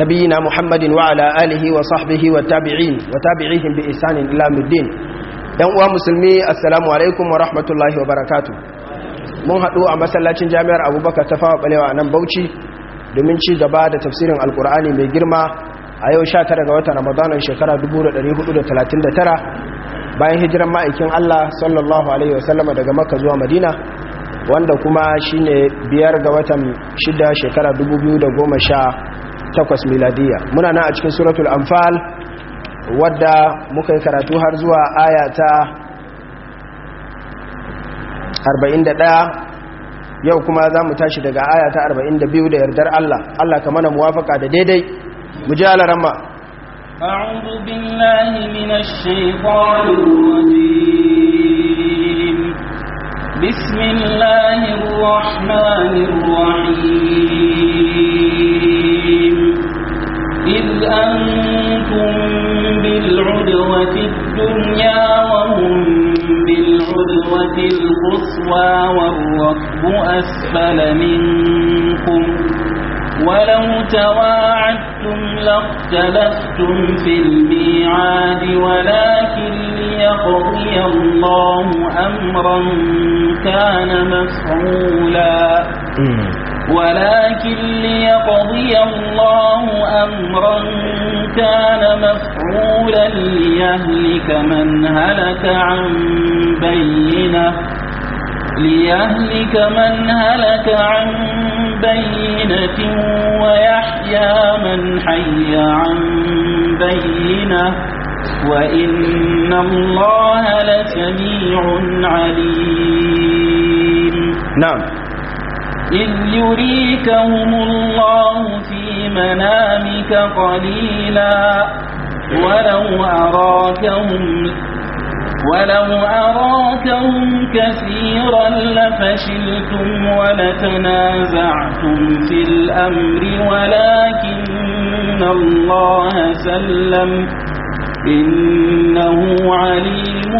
نبينا محمد وعلى آله وصحبه والتابعين وتابعيهم بإحسان إلى الدين uwa musulmi assalamu wa rahmatullahi wa barakatu mun haɗu a masallacin jami'ar abubakar ta fawa ɓalewa a nan bauchi domin ci gaba da tafsirin alkur'ani mai girma a yau 19 ga watan ramadanin shekara bayan hijiran ma'aikin allah sallallahu alaihi wasallama daga makka zuwa madina wanda kuma shine biyar ga watan 6 shekara sha. takwas miladiya muna nan a cikin suratul anfal wadda muka yi karatu har zuwa aya ta 41 yau kuma za mu tashi daga aya ta 42 da yardar Allah Allah ka mana muwafaka da daidai mu ji alarama أعوذ بالله من الشيطان الرجيم بسم الله الرحمن الرحيم إذ أنتم بالعدوة الدنيا وهم بالعدوة القصوى والركب أسفل منكم ولو تواعدتم لاختلفتم في الميعاد ولكن ليقضي الله أمرا كان مفعولا ولكن ليقضي الله أمرا كان مفعولا ليهلك من هلك عن بينه ليهلك من هلك عن بينة ويحيى من حي عن بينة وإن الله لسميع عليم نعم إذ يريكهم الله في منامك قليلا ولو أراكهم ولو أراكهم كثيرا لفشلتم ولتنازعتم في الأمر ولكن الله سلم إنه عليم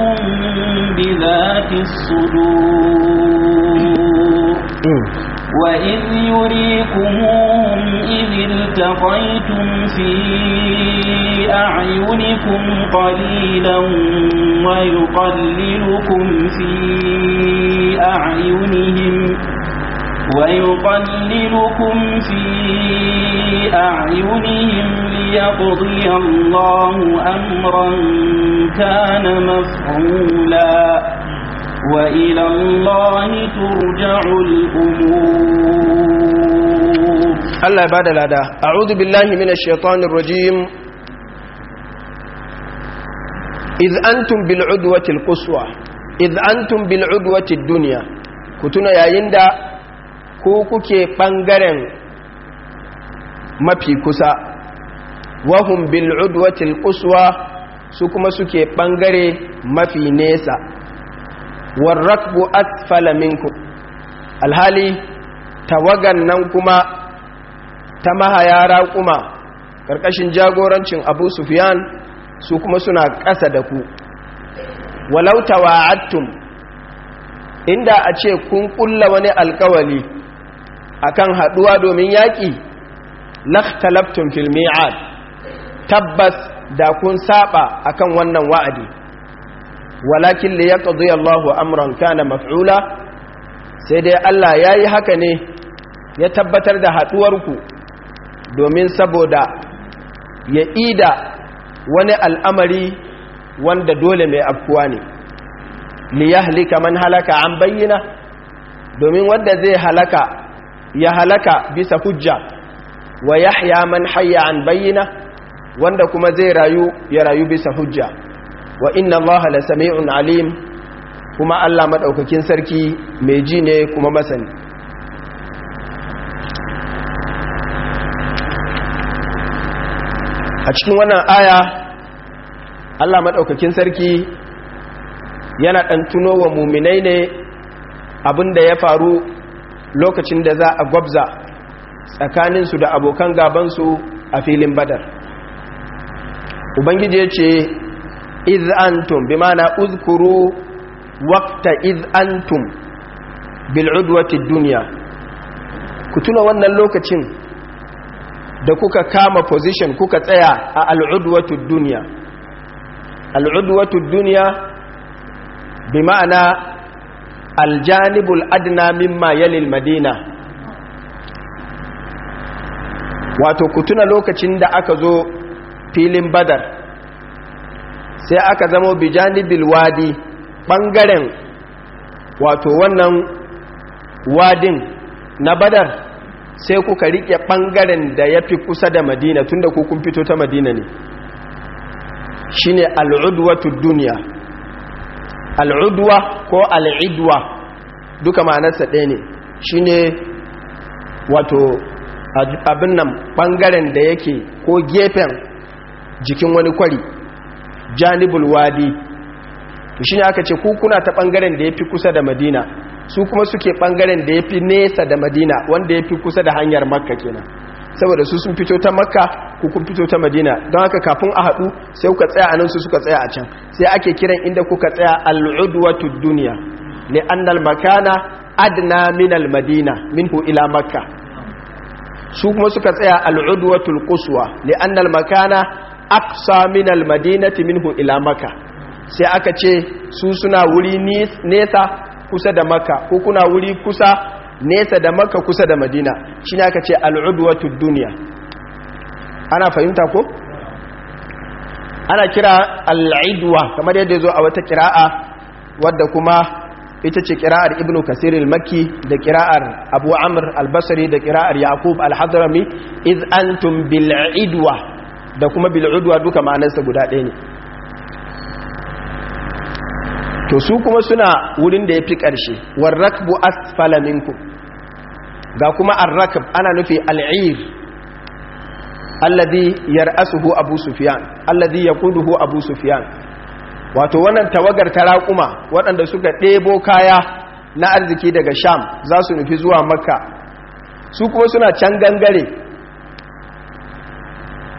بذات الصدور وإذ يريكمهم إذ التقيتم في أعينكم قليلا ويقللكم في أعينهم ويقللكم في أعينهم ليقضي الله أمرا كان مفعولا وإلى الله ترجع الأمور الله بعد الأداء أعوذ بالله من الشيطان الرجيم إذ أنتم بالعدوة القصوى إذ أنتم بالعدوة الدنيا كتنا يا يندا كوكوكي بانغرن ما في كسا وهم بالعدوة القصوى su kuma suke ɓangare mafi nesa warrakbu asfala minku alhali tawagan nan kuma ta mahaya raƙuma ƙarƙashin jagorancin abu sufyan su kuma suna ƙasa da ku walau tawa'attum inda a ce kun ƙulla wani alkawali akan haɗuwa domin yaƙi lakhtalaftum fil mi'ad tabbas da kun saba akan wannan wa'adi walakin li yaqdi Allahu amran kana maf'ula sai dai Allah yayi haka ne ya tabbatar da haduwar ku domin saboda ya ida wani al'amari wanda dole mai afkuwa ne li yahlika man halaka an bayyana domin wanda zai halaka ya halaka bisa hujja wa yahya man hayya an bayyana wanda kuma zai rayu ya rayu bisa hujja wa inna allaha la sami'un alim kuma Allah madaukakin sarki mai ji ne kuma masani a cikin wannan aya Allah madaukakin sarki yana dan tuno wa muminai ne abinda ya faru lokacin da za a gwabza tsakaninsu da abokan gabansu a filin badar ubangiji ya ce iz antum bi mana uzkuru waqta iz antum bil udwati dunya ku tuna wannan lokacin da kuka kama position kuka tsaya a al'udwatu dunya al'udwatu dunya bi al aljanibul adna mimma yalil madina wato ku tuna lokacin da aka zo filin badar sai aka zama bijani bilwadi ɓangaren wato wannan wadin na badar sai kuka riƙe ɓangaren da ya fi kusa da madina tunda ku kun fito ta madina ne shi ne duniya al'udwa ko al'idwa duka ma'anarsa ɗaya ne shi ne wato abin nan ɓangaren da yake ko gefen jikin wani kwari janibul wadi to shine aka ce ku kuna ta bangaren da yafi kusa da madina su kuma suke bangaren da yafi nesa da madina wanda yafi kusa da hanyar makka kenan saboda su sun fito ta makka ku kun fito ta madina don haka kafin a haɗu sai kuka tsaya a nan su suka tsaya a can sai ake kiran inda kuka tsaya al-udwatu duniya li annal makana adna min al madina minhu ila makka su kuma suka tsaya al'udwatul quswa li annal makana aqsa min almadinati minhu ila maka sai aka ce su suna wuri nesa kusa da maka ko kuna wuri kusa nesa da maka kusa da madina shine aka ce al'udwatu dunya ana fahimta ko ana kira al'idwa kamar yadda zo a wata kira'a wadda kuma ita ce kira'ar ibnu kasir al-makki da kira'ar abu amr al-basri da kira'ar yaqub al-hadrami iz antum bil'idwa da kuma bil'udwa duka ma'anarsa guda ɗaya ne to su kuma suna wurin da ya fi ƙarshe warrakbu asfala minkum ga kuma arrakab ana nufi al'ir alladhi yar'asuhu abu sufyan alladhi yaquduhu abu sufyan wato wannan tawagar taraƙuma waɗanda suka ɗebo kaya na arziki daga sham za su nufi zuwa makka su kuma suna can gangare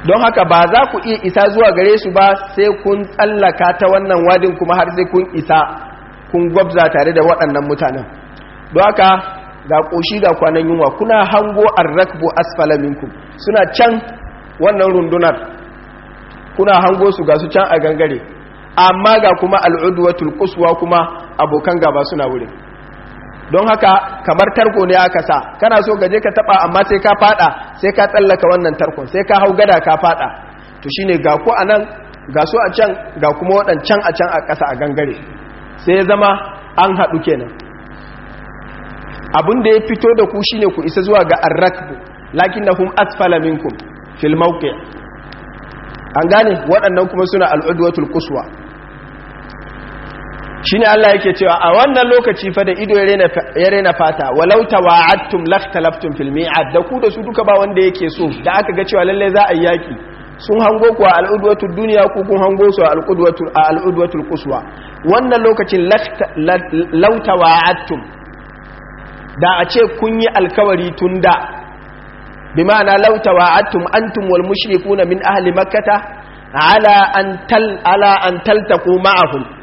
don haka ba za ku iya isa zuwa gare su ba sai kun tsallaka ta wannan wadin kuma har sai kun isa kun gwabza tare da waɗannan mutanen don haka ga ƙoshi ga kwanan yunwa kuna hango a asfala minkum suna can wannan rundunar kuna hango su ga su can a gangare amma ga kuma wa quswa kuma abokan gaba suna wurin don haka kamar tarko ne aka sa kana so gaje ka taba amma sai ka fada sai ka tsallaka wannan tarkon sai ka hau gada ka fada to shine ga ku anan ga su a can ga kuma waɗancan a can a ƙasa a gangare sai ya zama an haɗu kenan abin da ya fito da ku shine ku isa zuwa ga arrakbu lakinnahum asfala minkum fil mawqi' an gane waɗannan kuma suna al'udwatul quswa shine Allah yake cewa a wannan lokaci fa da ido ya rena fata walau tawa'attum lakhtalaftum fil mi'ad da ku da su duka ba wanda yake so da aka ga cewa lalle za a yi yaki sun hango ku a duniya ku kun hango su a al'udwatul quswa wannan lokacin law tawa'attum da a ce kun yi alkawari tunda bima'ana law tawa'attum antum wal mushrikuna min ahli makkata ala an tal ala an taltaqu ma'ahum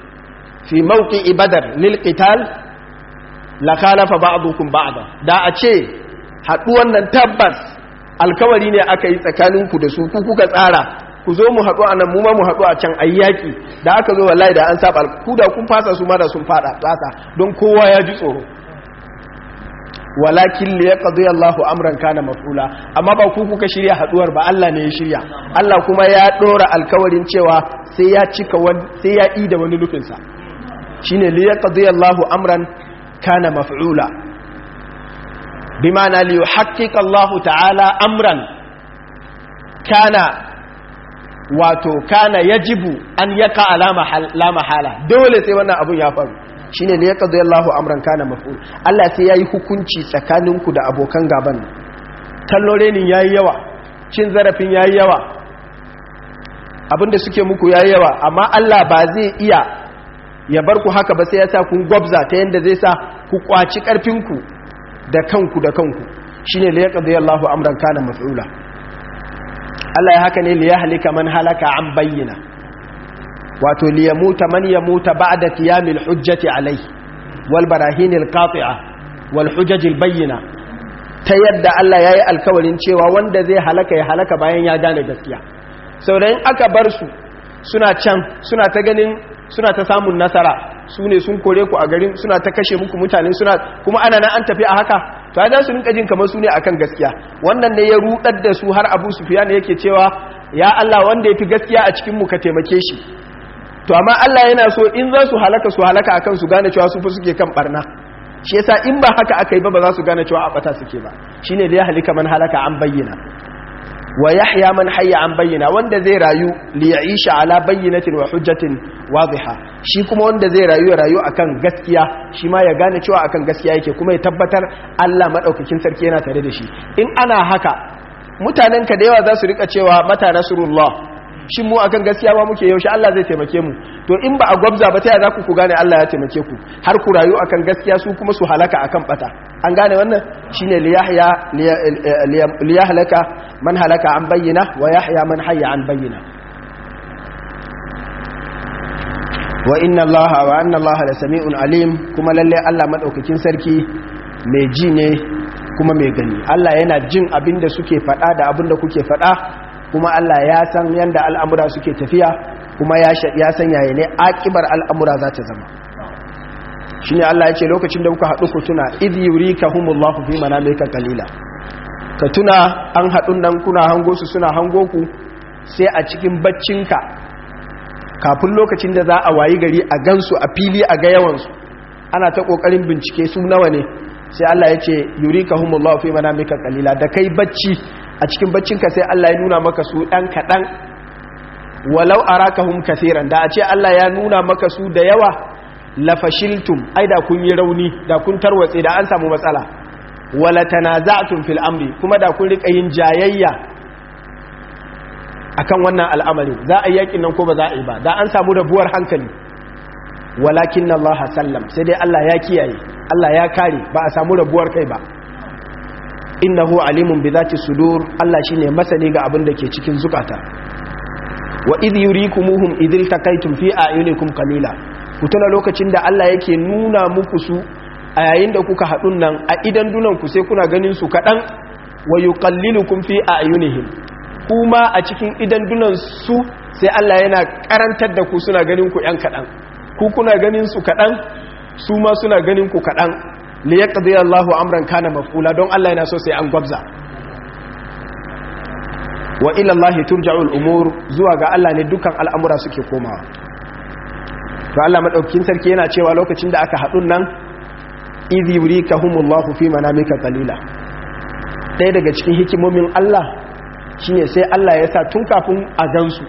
fi mawqi'i ibadar lil qital la khalafa ba'dukum ba'da da a ce haduwan nan tabbas alkawari ne aka yi tsakaninku da su ku kuka tsara ku zo mu haɗu a nan mu ma mu haɗu a can a yaƙi da aka zo wallahi da an saba ku da kun fasa su ma da sun fada tsasa don kowa ya ji tsoro walakin li yaqdi Allahu amran kana maf'ula amma ba ku kuka shirya haduwar ba Allah ne ya shirya Allah kuma ya dora alkawarin cewa sai ya cika sai ya ida wani nufinsa shine li yaqdi Allahu amran kana maf'ula bima'ana li yuhaqqiq Allahu ta'ala amran kana wato kana yajibu an yaqa alama la mahala dole sai wannan abun ya faru shine li yaqdi Allahu amran kana maf'ul Allah sai yayi hukunci tsakaninku da abokan gaban kallorenin yayi yawa cin zarafin yayi yawa abinda suke muku yayi yawa amma Allah ba zai iya ya bar ku haka ba sai ya sa kun gwabza ta yadda zai sa ku kwaci ƙarfinku da kanku da kanku shine ne liya Allahu amran kana mas'ula Allah ya haka ne liya halika man halaka an bayyana wato liya muta man ya muta hujjati alai wal barahinil qati'a wal hujajil bayyana ta yadda Allah ya yi alkawarin cewa wanda zai halaka ya halaka bayan ya gane gaskiya sau da yin aka bar su suna can suna ta ganin suna ta samun nasara su ne sun kore ku a garin suna ta kashe muku mutane suna kuma ana nan an tafi a haka to ai su rinka jin kamar su ne akan gaskiya wannan ne ya rudar da su har Abu Sufyan yake cewa ya Allah wanda yafi gaskiya a cikin mu ka taimake shi to amma Allah yana so in za su halaka su halaka akan su gane cewa su fa suke kan barna shi yasa in ba haka aka yi ba ba za su gane cewa a bata suke ba shine da ya halika man halaka an bayyana wa yahya man hayya an bayyana wanda zai rayu li ya'isha ala bayyinatin wa hujjatin wadhiha shi kuma wanda zai rayu ya rayu akan gaskiya shi ma ya gane cewa akan gaskiya yake kuma ya tabbatar Allah madaukakin sarki yana tare da shi in ana haka mutanen ka da yawa za su rika cewa mata nasrullah shin mu akan gaskiya ba muke yaushe Allah zai taimake mu to in ba a gwabza ba ta za ku ku gane Allah ya taimake ku har ku rayu akan gaskiya su kuma su halaka akan bata an gane wannan shine li yahya li yahlaka man halaka an bayyana wa yahya man hayya an bayyana wa inna Allah wa anna Allah la sami'un alim kuma lalle Allah madaukakin sarki mai ji ne kuma mai gani Allah yana jin abinda suke fada da abinda kuke fada kuma Allah ya san yanda al'amura suke tafiya kuma ya san yaya ne akibar al'amura za ta zama shi ne Allah ya ce lokacin da kuka haɗu ku tuna yuri ka yurikahumullahu fi mana qalila ka tuna an haɗun nan kuna hango su suna hango ku sai a cikin baccinka kafin lokacin da za a wayi gari a gansu a fili a ga yawansu ana ta ƙoƙarin bincike su nawa ne sai Allah ya ce yurikahumullahu fi ka kalila da kai bacci a cikin baccinka sai Allah ya nuna maka su ɗan kaɗan walau a rakahun kasiran da a ce Allah ya nuna maka su da yawa lafashiltum ai da kun yi rauni da kun tarwatse da an samu matsala wala tanaza'tum fil amri kuma da kun rika yin jayayya akan wannan al'amari za a yi nan ko ba za a yi ba da an samu rabuwar hankali walakin Allah sallam sai dai Allah ya kiyaye Allah ya kare ba a samu rabuwar kai ba innahu alimun bi zati sudur Allah shine masani ga abin da ke cikin zukata wa idh yurikumuhum idh iltaqaytum fi a'yunikum qalila kutuna lokacin da Allah yake nuna muku su a yayin da kuka haɗu nan a idan dunan ku sai kuna ganin su kaɗan wa yuqallilukum fi a'yunihim kuma a cikin idan dunan su sai Allah yana karantar da ku suna ganin ku yan kaɗan ku kuna ganin su kaɗan su ma suna ganin ku kaɗan li Allahu amran kana maf'ula don Allah yana so sai an gwabza wa ila Allah turja'ul umur zuwa ga Allah ne dukkan al'amura suke komawa to Allah sarki yana cewa lokacin da aka hadun nan idh yurikahumullahu fi manamika qalila ɗaya daga cikin hikimomin Allah shine sai Allah ya sa tun kafin a gansu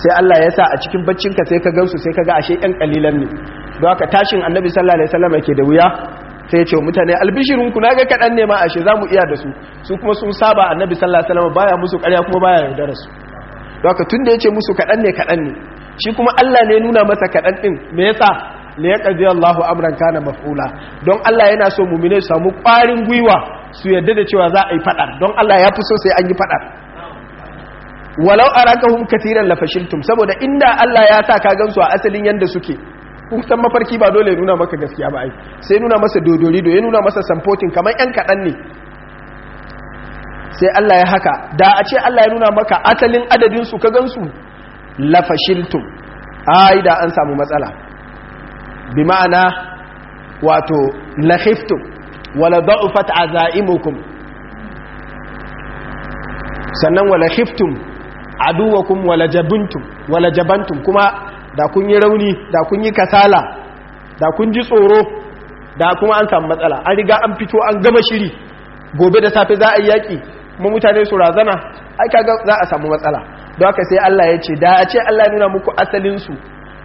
sai Allah ya sa a cikin baccinka sai ka gansu sai ka ga ashe ɗan kalilan ne don haka tashin annabi sallallahu alaihi wasallam yake da wuya sai ce mutane albishirun ku naga kadan ne ma ashe zamu iya da su su kuma sun saba annabi sallallahu alaihi wasallam baya musu ƙarya kuma baya yaudara su don haka tunda yace musu kadan ne kadan ne shi kuma Allah ne nuna masa kadan din me yasa ya yaqdi Allahu amran kana maf'ula don Allah yana so mu'mine su samu ƙwarin gwiwa su yarda da cewa za a yi fadar don Allah ya fi so sai an yi fadar walau arakahum katiran lafashiltum saboda inda Allah ya sa ka gansu a asalin yanda suke kusan mafarki ba dole nuna maka gaskiya ba ai sai nuna masa dodorido ya nuna masa samfotin kamar yan kaɗan ne sai Allah ya haka da a ce Allah ya nuna maka asalin adadin su ka gansu lafashiltum ai da an samu matsala bi ma'ana wato lakhiftum wala da'ufat azaimukum sannan wala khiftum aduwakum wala jabuntum wala jabantum kuma da kun yi rauni da kun yi kasala da kun ji tsoro da kuma an samu matsala an riga an fito an gama shiri gobe da safe za a yi yaƙi mu mutane su razana ai kaga za a samu matsala don haka sai Allah ya ce da a ce Allah nuna muku asalin su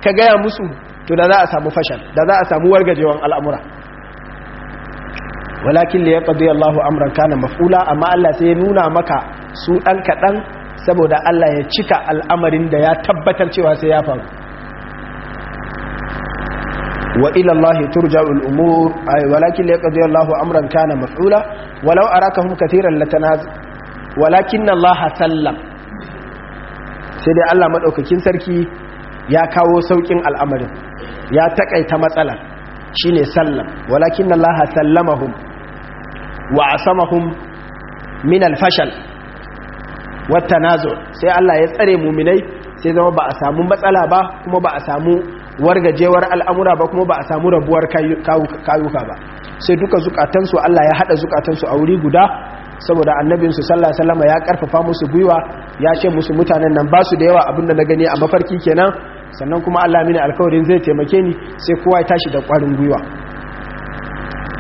ka gaya musu to da za a samu fashan da za a samu wargajewan al'amura walakin da ya ƙadu Allahu amran kana mafula amma Allah sai ya nuna maka su ɗan kaɗan saboda Allah ya cika al'amarin da ya tabbatar cewa sai ya faru wa ilallahi turja al’umur a yi walakin lahu amuran kana matsula walau a raka hun kafiran latanaz walakin na laha sallam sai dai allah maɗaukakin sarki ya kawo sauƙin al’amarin ya taƙaita matsala shi ne sallam walakin na laha sallamahun wa a samahun min alfashal wata nazo sai allah ya tsare muminai sai zama ba a samu matsala ba kuma ba a samu wargajewar al'amura ba kuma ba a samu rabuwar kayuka ba sai duka zukatansu Allah ya haɗa zukatansu a wuri guda saboda annabinsu sallallahu alaihi ya karfafa musu gwiwa ya ce musu mutanen nan ba su da yawa abinda na gani a mafarki kenan sannan kuma Allah mini alkawarin zai taimake ni sai kowa ya tashi da kwarin gwiwa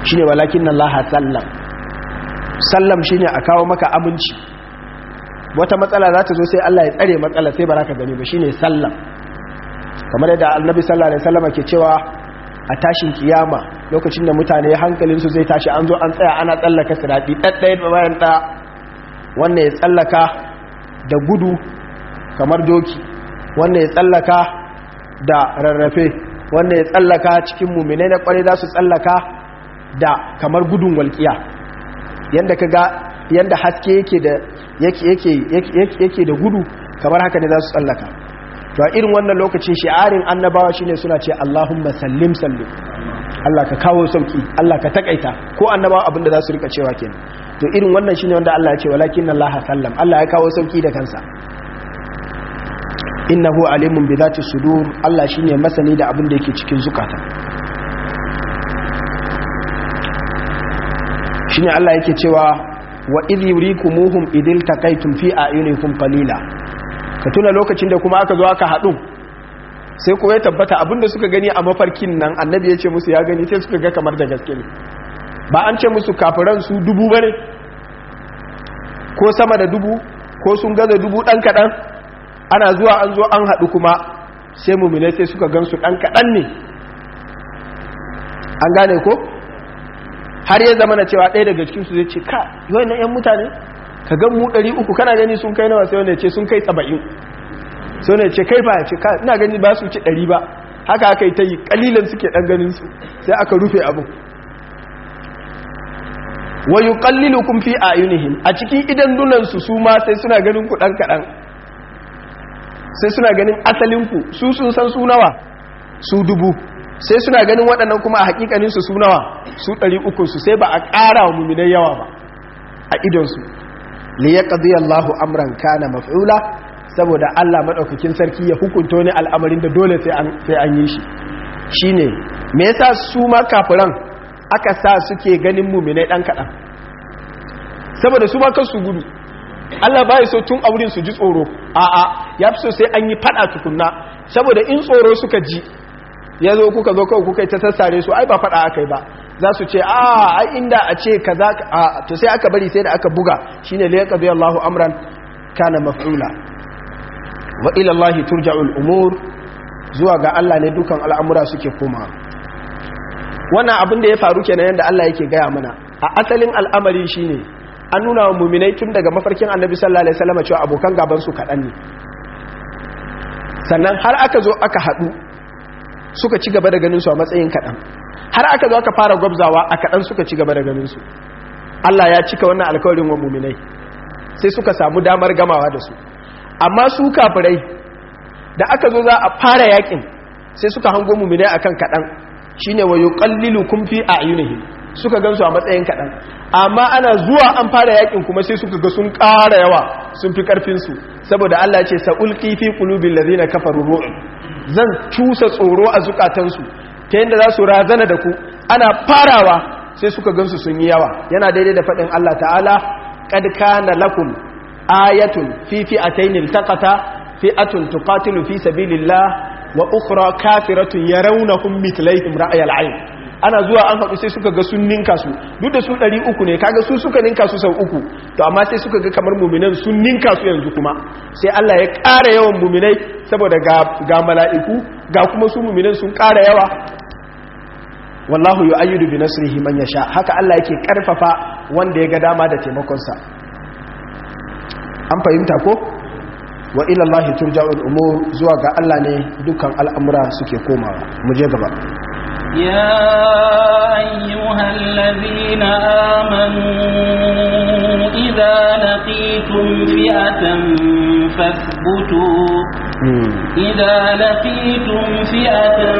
shine walakin Allah sallam sallam shine a kawo maka aminci wata matsala za ta zo sai Allah ya tsare matsala sai baraka gani ba shine sallam kamar yadda annabi sallallahu alaihi wasallam ke cewa a tashin kiyama lokacin da mutane su zai tashi an zo an tsaya ana tsallaka sirati ɗaɗɗaya da bayan ta wannan ya tsallaka da gudu kamar doki wannan ya tsallaka da rarrafe wannan ya tsallaka cikin mummine na kwarai za su tsallaka da kamar gudun walƙiya yadda ka ga yadda haske yake da gudu kamar haka ne za su tsallaka to a irin wannan lokacin shi'arin annabawa shine suna ce Allahumma sallim sallim Allah ka kawo sauki Allah ka takaita ko annabawa abinda za su rika cewa kenan to irin wannan shine wanda Allah ya ce walakin Allah sallam Allah ya kawo sauki da kansa innahu alimun bi zati sudur Allah shine masani da abinda yake cikin zukata shine Allah yake cewa wa idh yurikumuhum idil taqaytum fi ayunikum qalila ka tuna lokacin da kuma aka zo aka haɗu sai kuma ya tabbata abinda suka gani a mafarkin nan annabi ya ce musu ya gani sai suka ga kamar da gaske ne ba an ce musu kafiran su dubu bane ko sama da dubu ko sun gaza dubu ɗan kaɗan ana zuwa an zo an haɗu kuma sai mummune sai suka gan su ɗan kaɗan ne an gane ko har ya zama na cewa ɗaya daga cikinsu zai ce ka yi na 'yan mutane ka gan mu 300 kana gani sun kai nawa sai wanda ce sun kai 70 sai wanda ce kai ba ce ina gani ba su ci 100 ba haka aka yi ta yi kalilan suke dan ganin su sai aka rufe abin wa yuqallilukum fi ayunihim a cikin idan dunan su su ma sai suna ganin ku dan kadan sai suna ganin asalin ku su sun san su nawa su dubu sai suna ganin waɗannan kuma a hakikanin su su nawa su 300 su sai ba a ƙara wa muminai yawa ba a idon su liyaqdi Allahu amran kana maf'ula saboda Allah madaukakin sarki ya hukunta ni al'amarin da dole sai an sai an yi shi shine me yasa su ma kafiran aka sa suke ganin mu'minai dan kaɗan? saboda su ma kansu gudu Allah baya so tun aurin su ji tsoro a'a ya fi so sai an yi fada tukunna saboda in tsoro suka ji ya zo kuka zo kawai kuka ta sassare su ai ba fada akai ba za su ce a ah, inda a ce ka za a to sai aka bari sai da aka buga Shi ne la yaqdi Allahu amran kana maf'ula wa ilallahi turja'ul umur zuwa ga Allah ne dukan al'amura suke koma wannan abin da ya faru ke na yadda Allah yake gaya mana a asalin al'amari shi ne an nuna wa muminai tun daga mafarkin annabi sallallahu alaihi abokan gabansu kaɗan ne sannan har aka zo aka haɗu suka ci gaba da ganin su a matsayin kaɗan har aka zo aka fara gwabzawa a kaɗan suka ci gaba da ganin su Allah ya cika wannan alkawarin wa muminai sai suka samu damar gamawa da su amma su kafirai da aka zo za a fara yakin sai suka hango muminai akan kaɗan shine wayo qallilu kum fi a'yunihim suka gansu a matsayin kaɗan amma ana zuwa an fara yakin kuma sai suka ga sun ƙara yawa sun fi su saboda Allah ya ce sa'ulqi fi qulubil ladina kafaru ru'un zan cusa tsoro a zukatansu ta yadda za su razana da ku ana farawa sai suka gamsu sun yi yawa yana daidai da faɗin Allah ta'ala qad na lakun ayatun fi a iltaqata fi'atun tuqatilu fi lilla wa ukhra kafiratun kun mithlahum ra'ayar 'ayn ana zuwa an haɗu sai suka ga sun ninka su duk da su ɗari uku ne kaga su suka ninka su sau uku to amma sai suka ga kamar muminan sun ninka su yanzu kuma sai Allah ya ƙara yawan muminai saboda ga, mala'iku ga kuma su muminan sun ƙara yawa wallahu ayyudu bi nasrihi man yasha haka Allah yake karfafa wanda ya ga dama da taimakonsa. an fahimta ko wa ila Allah turja'ul umur zuwa ga Allah ne dukkan al'amura suke komawa mu je gaba ya ayyuhal ladina amanu idza laqitum fi'atan fasbutu إذا لقيتم فئة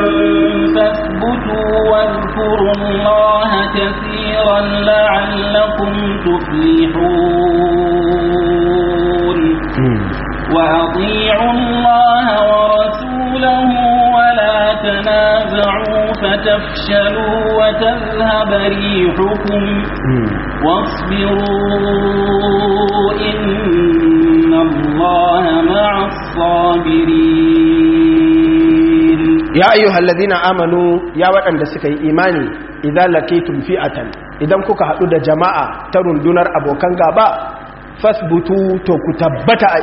فاثبتوا واذكروا الله كثيرا لعلكم تفلحون وأطيعوا الله ورسوله ولا تنازعوا فتفشلوا وتذهب ريحكم واصبروا إن الله معكم الصابرين يا ايها الذين امنوا يا وأن دسكي إيماني إذا لقيتم فئة إذا كوكا حدود جماعة ترون دونر أبو كنغابا فاثبتوا تكتبت to ku tabbata a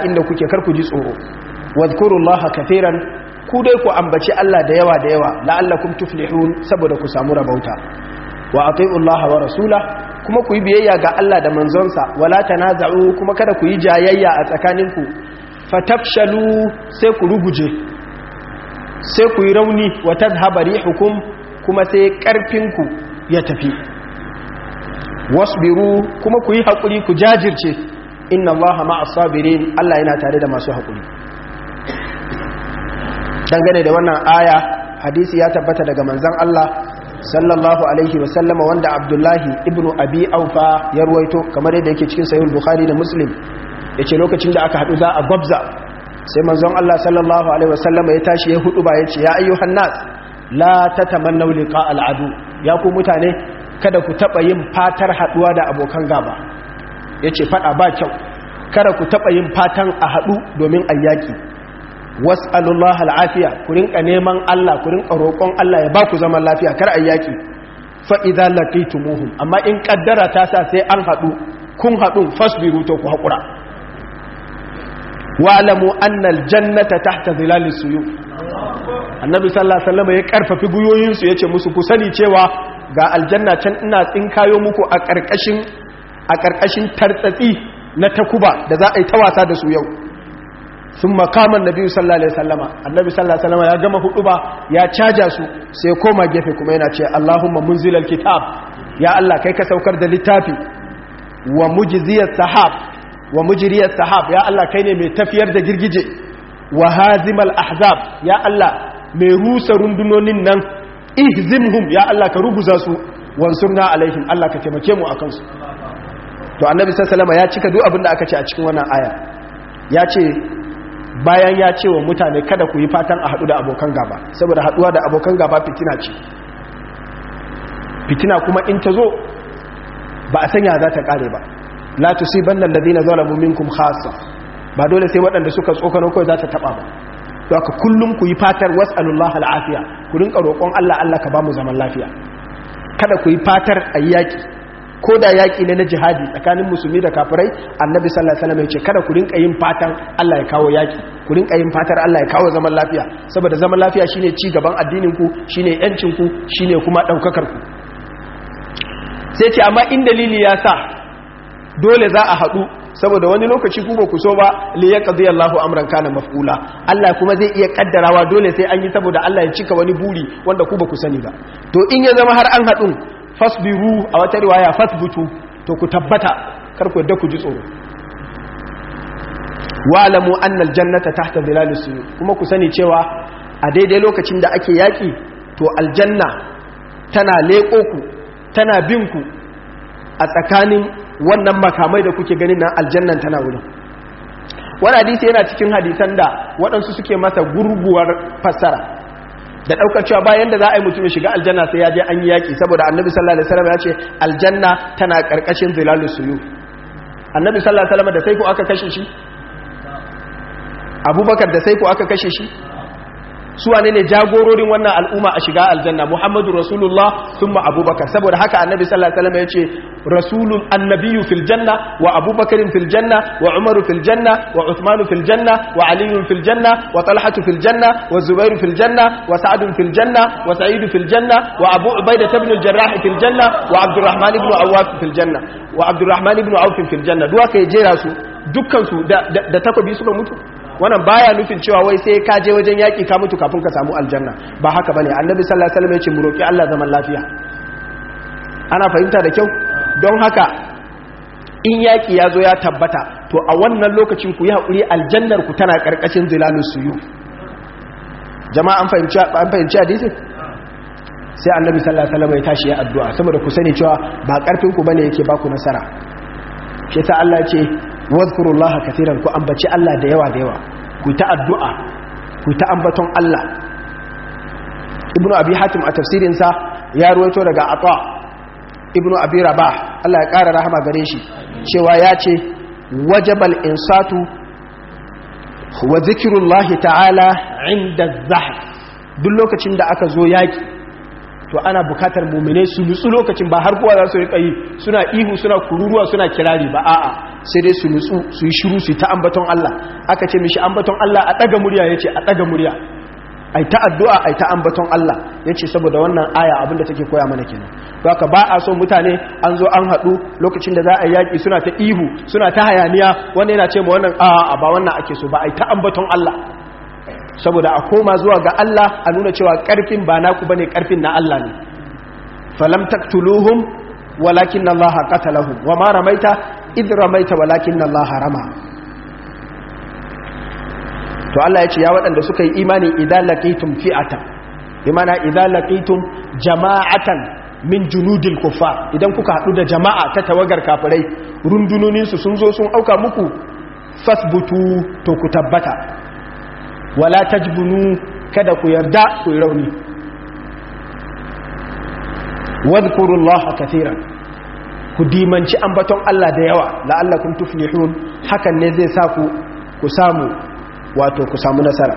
واذكروا الله كثيرا ku dai ku ambaci Allah da yawa da yawa la'allakum tuflihun saboda ku samu rabauta wa atiullaha wa rasula kuma ku yi biyayya ga Allah da manzonsa wala tanaza'u kuma kada ku yi jayayya a tsakaninku fatafshalu sai ku ruguje sai ku yi rauni wa tazhaba hukum kuma sai karfinku ya tafi wasbiru kuma ku yi haƙuri ku jajirce inna allaha ma'as sabirin Allah yana tare da masu haƙuri dangane da wannan aya hadisi ya tabbata daga manzan Allah sallallahu alaihi wasallama wanda abdullahi ibnu abi aufa ya ruwaito kamar yadda yake cikin sahih bukhari da muslim ya ce lokacin da aka haɗu za a gwabza sai manzon Allah sallallahu alaihi wasallam ya tashi ya hudu ba ya ce ya ayyu hannas, la tatamannu ka al'adu ya ku mutane kada ku taba yin fatar haduwa da abokan gaba yace faɗa ba kyau kada ku taɓa yin fatan a hadu domin a ayyaki was'alullahi al'afiya ku rinka neman Allah ku rinka roƙon Allah ya ba ku zaman lafiya kar a yaki. fa idza laqitumuhum amma in ƙaddara ta sa sai an haɗu kun haɗu fasbiru to ku haƙura. wa'lamu annal jannata tahta zilalis suyu annabi sallallahu alaihi wasallam ya karfafi guyoyin su ce musu ku sani cewa ga aljanna can ina tsinkayo muku a karkashin a karkashin tartsatsi na takuba da za a yi ta wasa da su yau sun makaman nabi sallallahu alaihi sallama annabi sallallahu alaihi ya gama huɗuba ya caja su sai koma gefe kuma yana ce Allahumma munzilal kitab ya Allah kai ka saukar da littafi wa mujiziyar sahab wa mujiriyar sahab ya Allah kai ne mai tafiyar da girgije wa hazimal ahzab ya Allah mai rusa rundunonin nan ihzimhum ya Allah ka ruguza su wansurna alaihim Allah ka taimake mu akan su to annabi sallallahu ya cika duk abin da aka ce a cikin wannan aya ya ce bayan ya ce wa mutane kada ku yi fatan a haɗu da abokan gaba saboda haɗuwa da abokan gaba fitina ce fitina kuma in ta zo ba a sanya za ta kare ba la tusibanna alladhina zalamu minkum khassa ba dole sai waɗanda suka tsokano kai za ta taba ba to aka kullum ku yi fatar was'alullahi al'afiya ku rinka roƙon Allah Allah ka ba zaman lafiya kada ku yi fatar ayyaki ko da yaki ne na jihadi tsakanin musulmi da kafirai annabi sallallahu alaihi wasallam ya ce kada ku rinka yin fatan Allah ya kawo yaki ku rinka yin fatar Allah ya kawo zaman lafiya saboda zaman lafiya shine ci gaban addinin ku shine yancin ku shine kuma daukakar ku sai ce amma in dalili ya sa dole za a haɗu saboda wani lokaci ku ba ku so ba li yaqdi Allahu amran kana maf'ula Allah kuma zai iya kaddarawa dole sai an yi saboda Allah ya cika wani buri wanda ku ba ku sani ba to in ya zama har an haɗun fasbiru a wata riwaya fasbutu to ku tabbata kar ku yadda ku ji tsoro wa'lamu anna aljannata tahta dhilalis suyur kuma ku sani cewa a daidai lokacin da ake yaki to aljanna tana leƙo ku tana bin ku a tsakanin wannan makamai da kuke ganin nan aljannan tana wurin wani hadisi yana cikin hadisan da waɗansu suke masa gurguwar fassara da ɗaukar cewa bayan da za a yi mutum shiga aljanna sai ya je an yi yaƙi saboda annabi sallallahu alaihi wasallam ya ce aljanna tana ƙarƙashin zilalu suyu annabi sallallahu alaihi wasallam da sai ko aka kashe shi abubakar da sai ko aka kashe shi su wane ne jagororin wannan al'umma a shiga aljanna muhammadu rasulullah thumma abubakar saboda haka annabi sallallahu alaihi wasallam yace rasulun annabiyyu fil janna wa abubakarin fil janna wa umaru fil janna wa uthmanu fil janna wa aliyun fil janna wa talhatu fil janna wa zubairu fil janna wa sa'dun fil janna wa sa'idu fil janna wa abu ubaida ibn al-jarrah fil janna wa abdurrahman ibn awwaf fil janna wa abdurrahman ibn awf fil janna duka ya jera su dukkan su da takobi ba mutu wannan baya nufin cewa wai sai ka je wajen yaki ka mutu kafin ka samu aljanna ba haka bane annabi sallallahu alaihi wasallam ya ce mu roki Allah zaman lafiya ana fahimta da kyau don haka in yaki ya zo ya tabbata to a wannan lokacin ku yi hakuri aljannar ku tana ƙarƙashin zilalin suyu jama'a an fahimci hadisi sai annabi sallallahu alaihi wasallam ya tashi ya addu'a saboda ku sani cewa ba karfin ku bane yake ba ku nasara shi ta Allah ce wadhkurullaha katiran ku ambaci Allah da yawa da yawa ku ta addu'a ku ta ambaton Allah Ibn abi hatim a tafsirinsa ya ruwaito daga atwa Ibn abi rabah Allah ya kara rahama gare shi cewa ya ce wajabal insatu wa zikrullahi ta'ala inda zahf duk lokacin da aka zo yaki to ana bukatar muminai su nutsu lokacin ba har kowa za su yi yi suna ihu suna kururuwa suna kirari ba a'a sai dai su nutsu su yi shiru su ta ambaton Allah aka ce mishi ambaton Allah a daga murya ya ce a daga murya ai ta addu'a ai ta ambaton Allah ya ce saboda wannan aya abin abinda take koya mana kenan haka ba a so mutane an zo an hadu lokacin da za a yi yaki suna ta ihu suna ta hayaniya wanda yana ce ma wannan a ba wannan ake so ba ai ta ambaton Allah saboda a koma zuwa ga Allah a nuna cewa ƙarfin ba naku bane karfin na Allah ne falam taqtuluhum walakin Allah qatalahum wama ramaita id ramaita walakin Allah rama to Allah ya ce ya waɗanda suka yi imani idza laqitum fi'atan bimana laqitum jama'atan min junudil kuffar idan kuka hadu da jama'a ta tawagar kafirai rundunoninsu su sun zo sun auka muku fasbutu to ku tabbata wala tajbunu kada ku yarda ku yi rauni a katiran ku dimanci ambaton Allah da yawa la'allakum tuflihun hakan ne zai sa ku ku samu wato ku samu nasara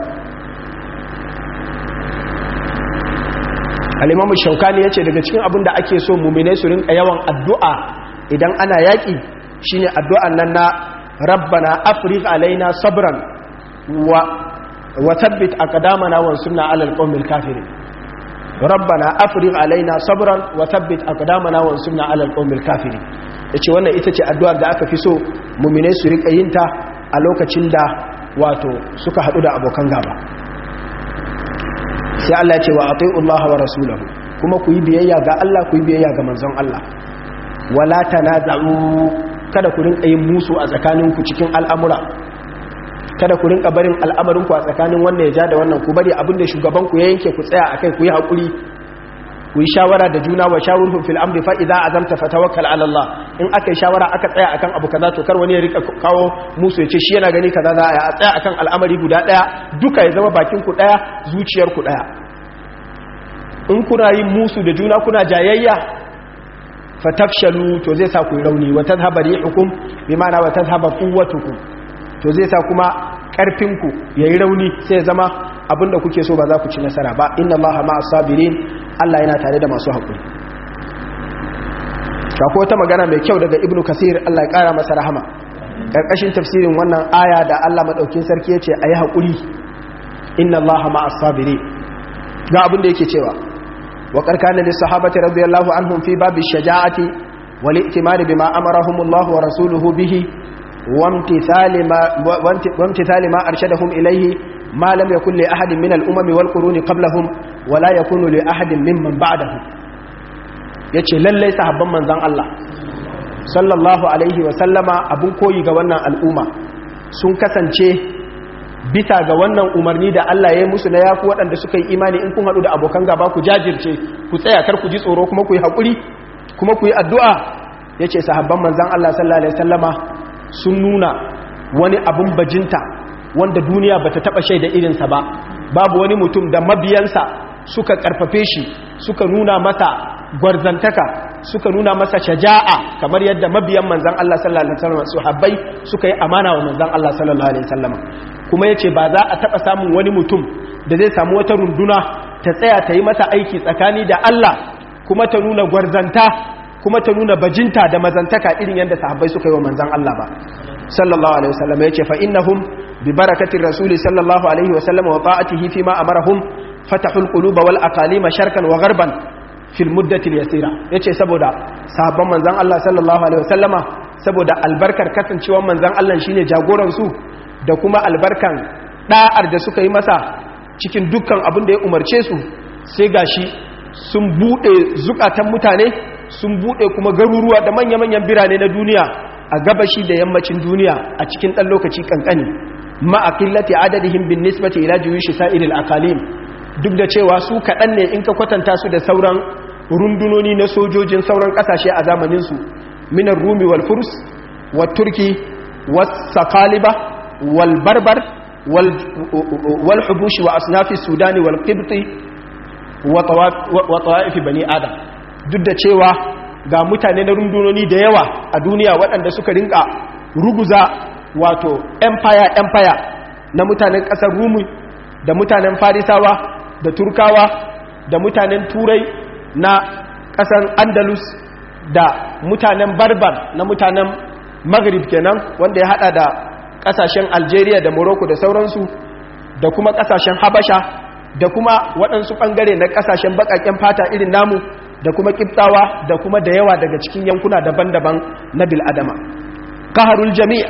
al shaukani ya ce daga cikin abin da ake so mu'minai su rinka yawan addu'a idan ana yaƙi shine addu'an nan na rabba rabbana afrigh alaina sabran wa وثبت أقدامنا وانصرنا على القوم الكافرين ربنا أفرغ علينا صبرا وثبت أقدامنا وانصرنا على القوم الكافرين yace wannan ita ce addu'a da aka fi so muminai su rika yinta a lokacin da wato suka hadu da abokan gaba sai Allah ce wa atai Allah wa rasulahu kuma ku yi biyayya ga Allah ku yi biyayya ga manzon Allah wala tanaza'u kada ku rinka yin musu a tsakaninku cikin al'amura kada ku rinka barin al'amarin ku a tsakanin wannan ya ja da wannan ku bari abin da shugaban ku ya yanke ku tsaya akai ku yi hakuri ku yi shawara da juna wa shawarhum fil amri fa idza azamta fatawakkal ala Allah in aka yi shawara aka tsaya akan abu kaza to kar wani ya rika kawo musu ya ce shi yana gani kaza za a tsaya akan al'amari guda daya duka ya zama bakin ku daya zuciyar ku daya in kuna yin musu da juna kuna jayayya fatafshalu to zai sa ku rauni wa tadhhaba rihukum bi ma'ana wa tadhhaba quwwatukum to zai sa kuma ƙarfinku ya yi rauni sai zama abinda kuke so ba za ku ci nasara ba inna allaha sabirin allah yana tare da masu haƙuri ko wata magana mai kyau daga ibnu kasir allah ya ƙara masa rahama ƙarƙashin tafsirin wannan aya da allah maɗaukin sarki ya ce a yi haƙuri inna ma'a sabirin ga abinda yake cewa wa ƙarƙa ne sahabati radiyallahu anhum fi babu shaja'ati wal i'timari bima amarahum wa rasuluhu bihi وامتثال ما أرشدهم إليه ما لم يكن لأحد من الأمم والقرون قبلهم ولا يكون لأحد ممن بعدهم yace lallai sahabban manzon Allah sallallahu alaihi wa sallama abun koyi ga wannan al'umma sun kasance bisa ga wannan umarni da Allah ya yi musu na yaku waɗanda suka yi imani in kun haɗu da abokan gaba ku jajirce ku tsaya kar ku ji tsoro kuma ku yi haƙuri kuma ku yi addu'a yace sahabban manzon Allah sallallahu alaihi wa sallama sun nuna wani abin bajinta wanda duniya bata taba shaida irinsa ba babu wani mutum da mabiyansa suka karfafe shi suka nuna masa gwarzantaka suka nuna masa shaja'a kamar yadda mabiyan manzan Allah sallallahu alaihi wasallam sahabbai suka yi amana wa manzan Allah sallallahu alaihi wasallam kuma yace ba za a taba samun wani mutum da zai samu wata runduna ta tsaya ta yi masa aiki tsakani da Allah kuma ta nuna gwarzanta kuma ta nuna bajinta da mazantaka irin yadda sahabbai suka yi wa manzan Allah ba sallallahu alaihi wasallam ya ce fa innahum bi barakatin rasuli sallallahu alaihi wasallam wa ta'atihi fi ma amarahum fatahul quluba wal aqalima sharqan wa gharban fil muddati yasira yace saboda sahabban manzan Allah sallallahu alaihi wasallama saboda albarkar kasancewar manzan Allah shine jagoran su da kuma albarkan da'ar da suka yi masa cikin dukkan abin da ya umarce su sai gashi sun bude zukatan mutane sun bude kuma garuruwa da manya-manyan birane na duniya a gabashi da yammacin duniya a cikin dan lokaci a ma'akillati adadihim bin nisbati ila juyushi sa'iril akalim duk da cewa su kadan ne in ka kwatanta su da sauran rundunoni na sojojin sauran kasashe a zamanin su. minar rumi wal furs wal turki wa sakaliba wal barbar wal hubushi wa asnafi sudani wal qibti wa tawa'ifi bani adam duk da cewa ga mutane na rundunoni da yawa a duniya waɗanda suka rinka ruguza wato empire empire na mutanen ƙasar rumu da mutanen farisawa da turkawa da mutanen turai na ƙasar andalus da mutanen barbar na mutanen maghrib kenan wanda ya hada da ƙasashen algeria da morocco da sauransu da kuma ƙasashen habasha da kuma waɗansu ɓangare na ƙasashen baƙaƙen fata irin namu da kuma kibtawa da kuma da yawa daga cikin yankuna daban-daban na bil'adama kaharul jami'a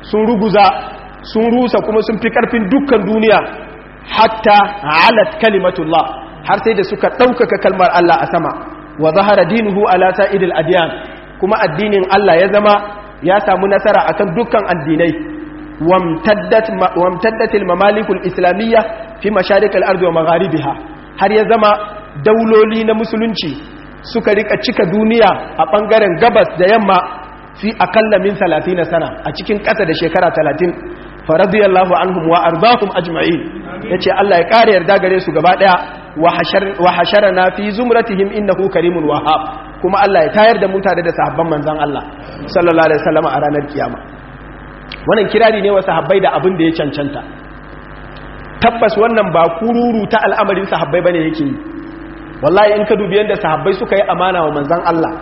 sun ruguza sun rusa kuma sun fi karfin dukkan duniya hatta alat kalimatullah har sai da suka ɗaukaka kalmar Allah a sama wa zahara dinuhu ala sa'idil adiyan kuma addinin Allah ya zama ya samu nasara akan dukkan addinai wamtaddatil mamalikul islamiyya fi masharikal ardi wa magharibiha har ya zama dauloli na musulunci suka rika cika duniya a bangaren gabas da yamma fi akalla min 30 sana a cikin ƙasa da shekara 30 faradiyallahu anhum wa ardahum ajma'in yace Allah ya ƙara yarda gare su gaba daya wa na fi zumratihim innahu karimun wahhab kuma Allah ya tayar da mutane da sahabban manzon Allah sallallahu alaihi wasallam a ranar kiyama wannan kirari ne wa sahabbai da abin da ya cancanta tabbas wannan ba kururu ta al'amarin sahabbai bane yake yi wallahi in ka dubi yadda sahabbai suka yi amana wa manzan Allah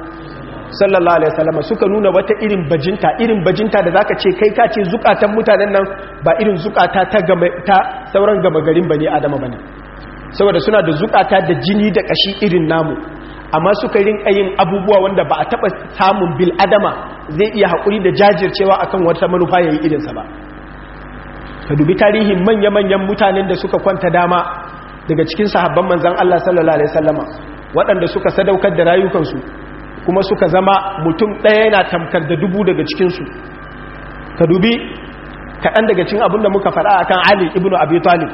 sallallahu alaihi wasallam suka nuna wata irin bajinta irin bajinta da zaka ce kai ka ce zukatan mutanen nan ba irin zukata ta game ta sauran gama garin bane adama bane saboda suna da zukata da jini da kashi irin namu amma suka rinka yin abubuwa wanda ba a taba samun bil adama zai iya hakuri da jajircewa akan wata manufa yayi irin sa ba ka dubi tarihin manya-manyan mutanen da suka kwanta dama daga cikin sahabban manzan Allah sallallahu alaihi wasallama waɗanda suka sadaukar da rayukansu kuma suka zama mutum ɗaya yana tamkar da dubu daga cikinsu ka dubi kaɗan daga cikin abin muka faɗa kan Ali ibn Abi Talib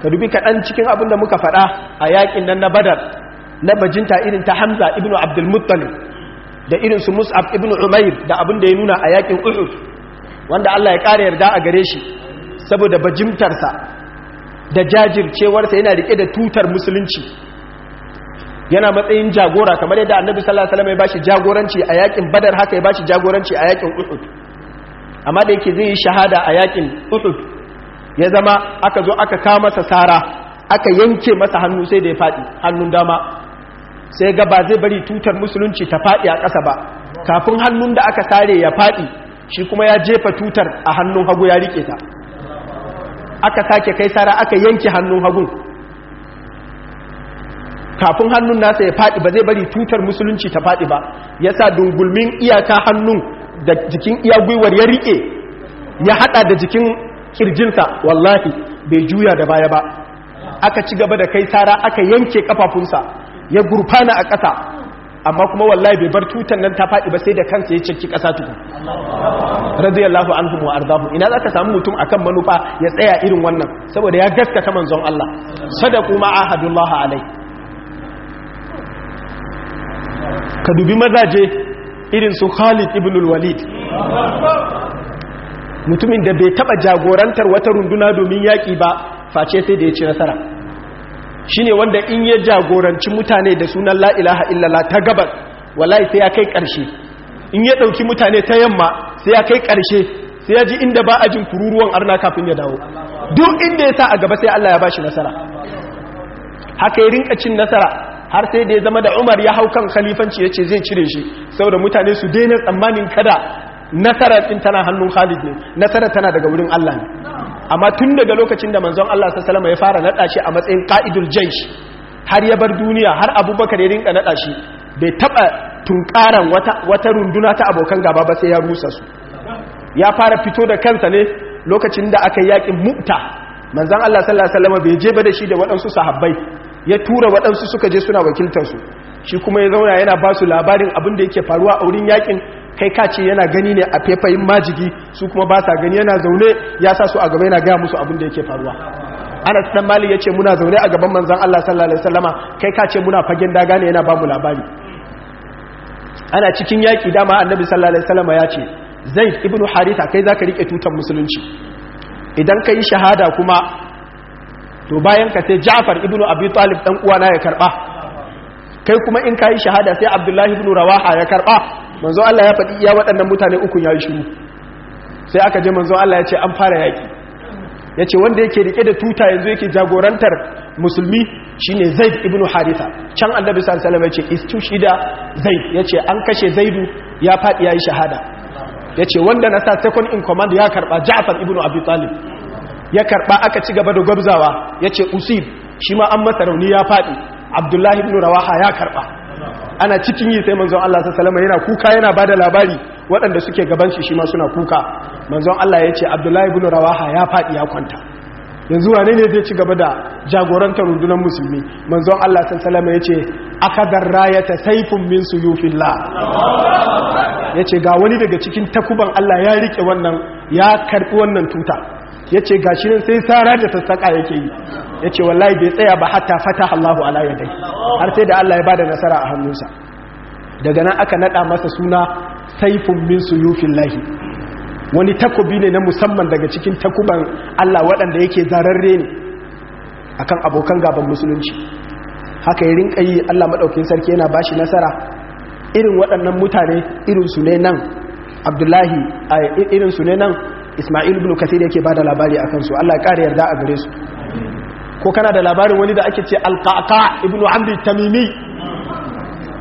ka dubi kaɗan cikin abin da muka faɗa a yaƙin nan na Badar na bajinta irin ta Hamza ibn Abdul da irin su Mus'ab ibn Umair da abin da ya nuna a yaƙin Uhud wanda Allah ya ƙara yarda a gare shi saboda bajimtarsa da jajircewarsa yana rike da tutar musulunci yana matsayin jagora kamar yadda annabi sallallahu alaihi wasallam ya bashi jagoranci a yakin badar haka ya bashi jagoranci a yakin uhud amma da yake zai yi shahada a yakin uhud ya zama aka zo aka kama masa sara aka yanke masa hannu sai da ya fadi hannun dama sai ga ba zai bari tutar musulunci ta fadi a ƙasa ba kafin hannun da aka sare ya fadi shi kuma ya jefa tutar a hannun hagu ya rike ta aka sake kai sara aka yanke hannun hagun kafin hannun nasa ya faɗi ba zai bari tutar musulunci ta faɗi ba ya sa dungulmin iyaka hannun da jikin iya gwiwar ya riƙe ya haɗa da jikin kirjinsa wallahi bai juya da baya ba aka ci gaba da kai sara aka yanke ƙafafunsa ya gurfana a ƙasa amma kuma wallahi bai bar tutan nan ta faɗi ba sai da kansa ya cikki ƙasa tuku radiyallahu anhu wa ardahu ina zaka samu mutum akan manufa ya tsaya irin wannan saboda ya gaskata manzon Allah sadaqu ma ahadullahi alai ka dubi mazaje irin su Khalid ibn al-Walid mutumin da bai taba jagorantar wata runduna domin yaki ba face sai da ya ci nasara shine wanda in ya jagoranci mutane da sunan la ilaha illallah ta gabas, wallahi sai ya kai karshe in ya dauki mutane ta yamma sai ya kai karshe sai ya ji inda ba a jin kururuwan arna kafin ya dawo duk inda ya sa a gaba sai Allah ya bashi nasara haka ya rinka cin nasara har sai da ya zama da Umar ya hau kan khalifanci yace zai cire shi saboda mutane su daina tsammanin kada nasara din tana hannun Khalid ne nasara tana daga wurin Allah ne amma tun daga lokacin da manzon Allah sallallahu ya fara nada shi a matsayin qa'idul jaysh har ya bar duniya har abubakar ya rinka nada shi bai taɓa tunkaran wata wata runduna ta abokan gaba ba sai ya rusa su ya fara fito da kansa ne lokacin da aka yaƙin mu'ta manzon Allah sallallahu bai je ba da shi da waɗansu sahabbai ya tura waɗansu suka je suna wakiltar su shi kuma ya zauna yana ba labarin abin da yake faruwa a wurin yakin kai ka ce yana gani ne a faifayin majigi su kuma ba sa gani yana zaune ya sa su a gaba yana gaya musu abin da yake faruwa anas dan mali yace muna zaune a gaban manzon Allah sallallahu alaihi wasallama kai ka ce muna fagen daga ne yana ba mu labari ana cikin yaki dama annabi sallallahu alaihi wasallama ya ce zaid ibnu haritha kai zaka rike tutan musulunci idan kai shahada kuma to bayan ka sai ja'far ibnu abi talib dan uwana ya karba kai kuma in kai shahada sai abdullahi ibnu rawaha ya karba manzo Allah ya faɗi iya waɗannan mutane uku ya yi shiru sai aka je manzo Allah ya ce an fara yaƙi ya ce wanda yake riƙe da tuta yanzu yake jagorantar musulmi shine zaid ibn haritha can annabi sallallahu alaihi wasallam ya ce istushida zaid ya ce an kashe zaidu ya faɗi ya yi shahada ya ce wanda na sa second in command ya karɓa ja'far ibn abi talib ya karɓa aka ci gaba da gwabzawa ya ce usib shi ma an masa rauni ya faɗi abdullahi ibn rawaha ya karɓa ana cikin yi sai manzon Allah sallallahu alaihi yana kuka yana ba da labari waɗanda suke gaban shi shi ma suna kuka manzon Allah ya ce Abdullahi ibn Rawaha ya faɗi ya kwanta yanzu wane ne zai ci gaba da jagorantar rundunar musulmi manzon Allah sallallahu alaihi ya ce akadar rayata saifun min suyufillah ya ce ga wani daga cikin takuban Allah ya rike wannan ya karɓi wannan tuta ya ce shi nan sai sara da sassaka yake yi ya ce wallahi bai tsaya ba hatta fata Allahu ala dai har sai da Allah ya bada nasara a hannunsa daga nan aka nada masa suna saifun min suyufin lahi wani takobi ne na musamman daga cikin takuban Allah waɗanda yake zararre ne akan abokan gaban musulunci haka ya rinka yi Allah maɗaukin sarki yana bashi nasara irin waɗannan mutane irin ne nan Abdullahi irin su ne nan Ismail ibn Kathir yake bada labari akan su Allah ya kare yarda a gare su ko kana da labarin wani da ake ce alƙaƙa ibn amri tamimi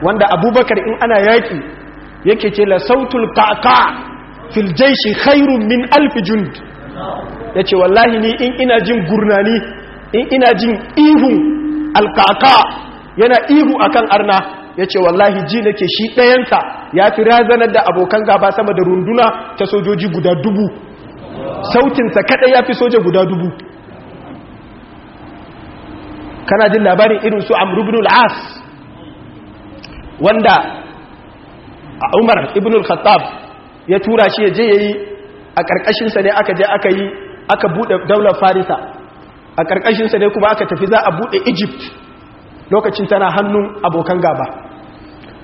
wanda abubakar in ana yaƙi yake ce la sautul Kaka fil jaishi khairun min alfijun? jund ya ce wallahi ni in ina jin gurnani in ina jin ihu alƙaƙa yana ihu akan arna ya ce wallahi ji nake shi ɗayansa ya fi razanar da abokan gaba sama da runduna ta sojoji guda dubu sautinsa kaɗai ya fi soja guda dubu kana jin labarin irin su amru ibn al-as wanda umar ibn al-khattab ya tura shi ya je yayi a karkashin sa ne aka je aka yi aka bude daular farisa a karkashin sa ne kuma aka tafi za a bude egypt lokacin tana hannun abokan gaba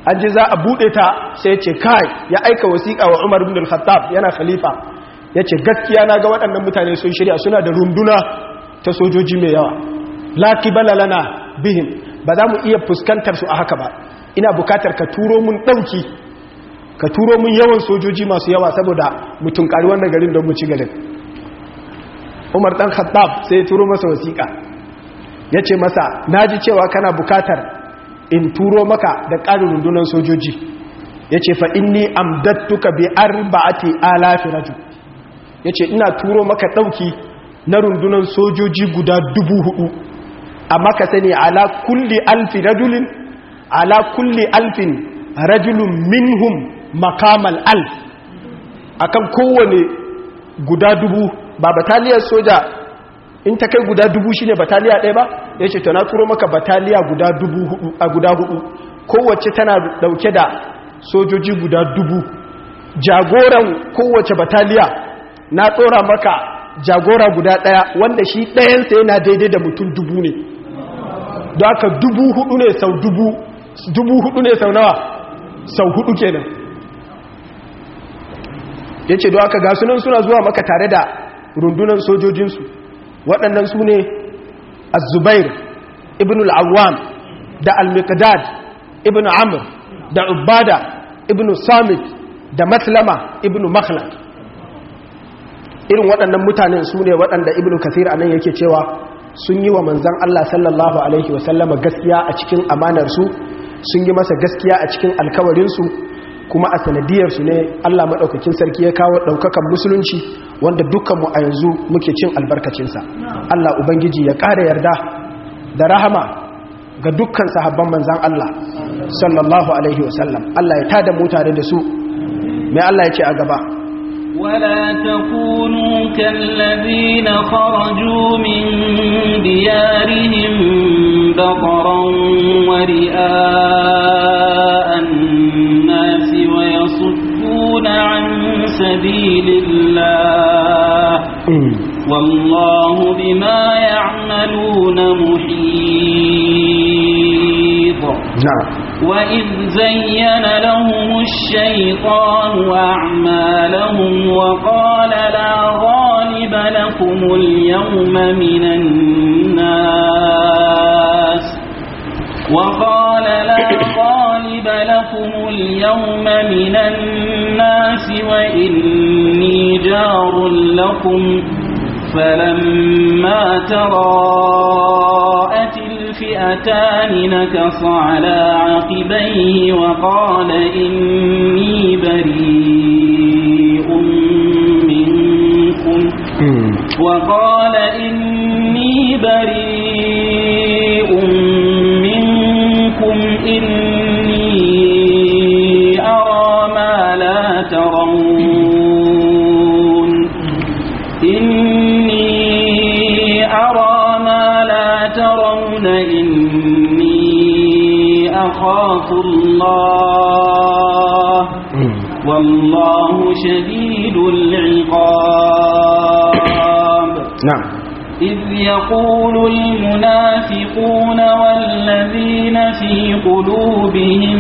an ji za a bude ta sai ce kai ya aika wasiƙa wa umar ibn al-khattab yana khalifa yace gaskiya na ga waɗannan mutane sun shirya suna da runduna ta sojoji mai yawa la qibala lana bihim ba za mu iya fuskantar su a haka ba ina bukatar ka turo mun dauki ka turo mun yawan sojoji masu yawa saboda mu tunkari wannan garin don mu ci garin Umar dan Khattab sai ya turo masa wasiƙa yace masa na ji cewa kana bukatar in turo maka da ƙarin rundunar sojoji ya ce fa'inni amdattuka bi arba'ati alafi raju ya ce ina turo maka ɗauki na rundunar sojoji guda dubu hudu amma ka sani ala kulli alfi rajulin ala kulli alfin rajulun minhum makamal alf akan kowane guda dubu ba bataliyar soja in ta kai guda dubu shine bataliya ɗaya ba ya ce tana turo maka bataliya guda dubu a guda hudu kowace tana dauke da sojoji guda dubu jagoran kowace bataliya na tsora maka jagora guda ɗaya wanda shi ɗayansa yana daidai da mutum dubu ne da aka dubu hudu ne sau dubu dubu hudu ne sau nawa sau hudu kenan ya ce da aka gasunan suna zuwa maka tare da rundunan sojojinsu waɗannan su ne azubair ibn al'awam da al-mikdad ibn amur da ubada ibn samit da matlama ibn makhla. irin waɗannan mutanen su ne waɗanda ibn a nan yake cewa sun yi wa manzan Allah sallallahu alaihi wasallama gaskiya a cikin amanarsu sun yi masa gaskiya a cikin alkawarinsu kuma a sanadiyarsu ne Allah maɗaukakin sarki ya kawo ɗaukakan musulunci wanda dukkanmu a yanzu muke cin albarkacinsa Allah Ubangiji ya ƙara yarda da rahama ga dukkan sahabban manzan Allah sallallahu alaihi wasallam Allah ya tada mutane da su mai Allah ya ce a gaba ولا تكونوا كالذين خرجوا من ديارهم بطرا ورئاء الناس ويصدون عن سبيل الله والله بما يعملون محيط نعم وإذ زين لهم الشيطان أعمالهم وقال لا غالب لكم اليوم من الناس وقال لا غالب لكم اليوم من الناس وإني جار لكم فلما ترى الفئتان نكص على عقبيه وقال إني بريء منكم وقال إني بريء منكم إني أخاف الله والله شديد العقاب نعم إذ يقول المنافقون والذين في قلوبهم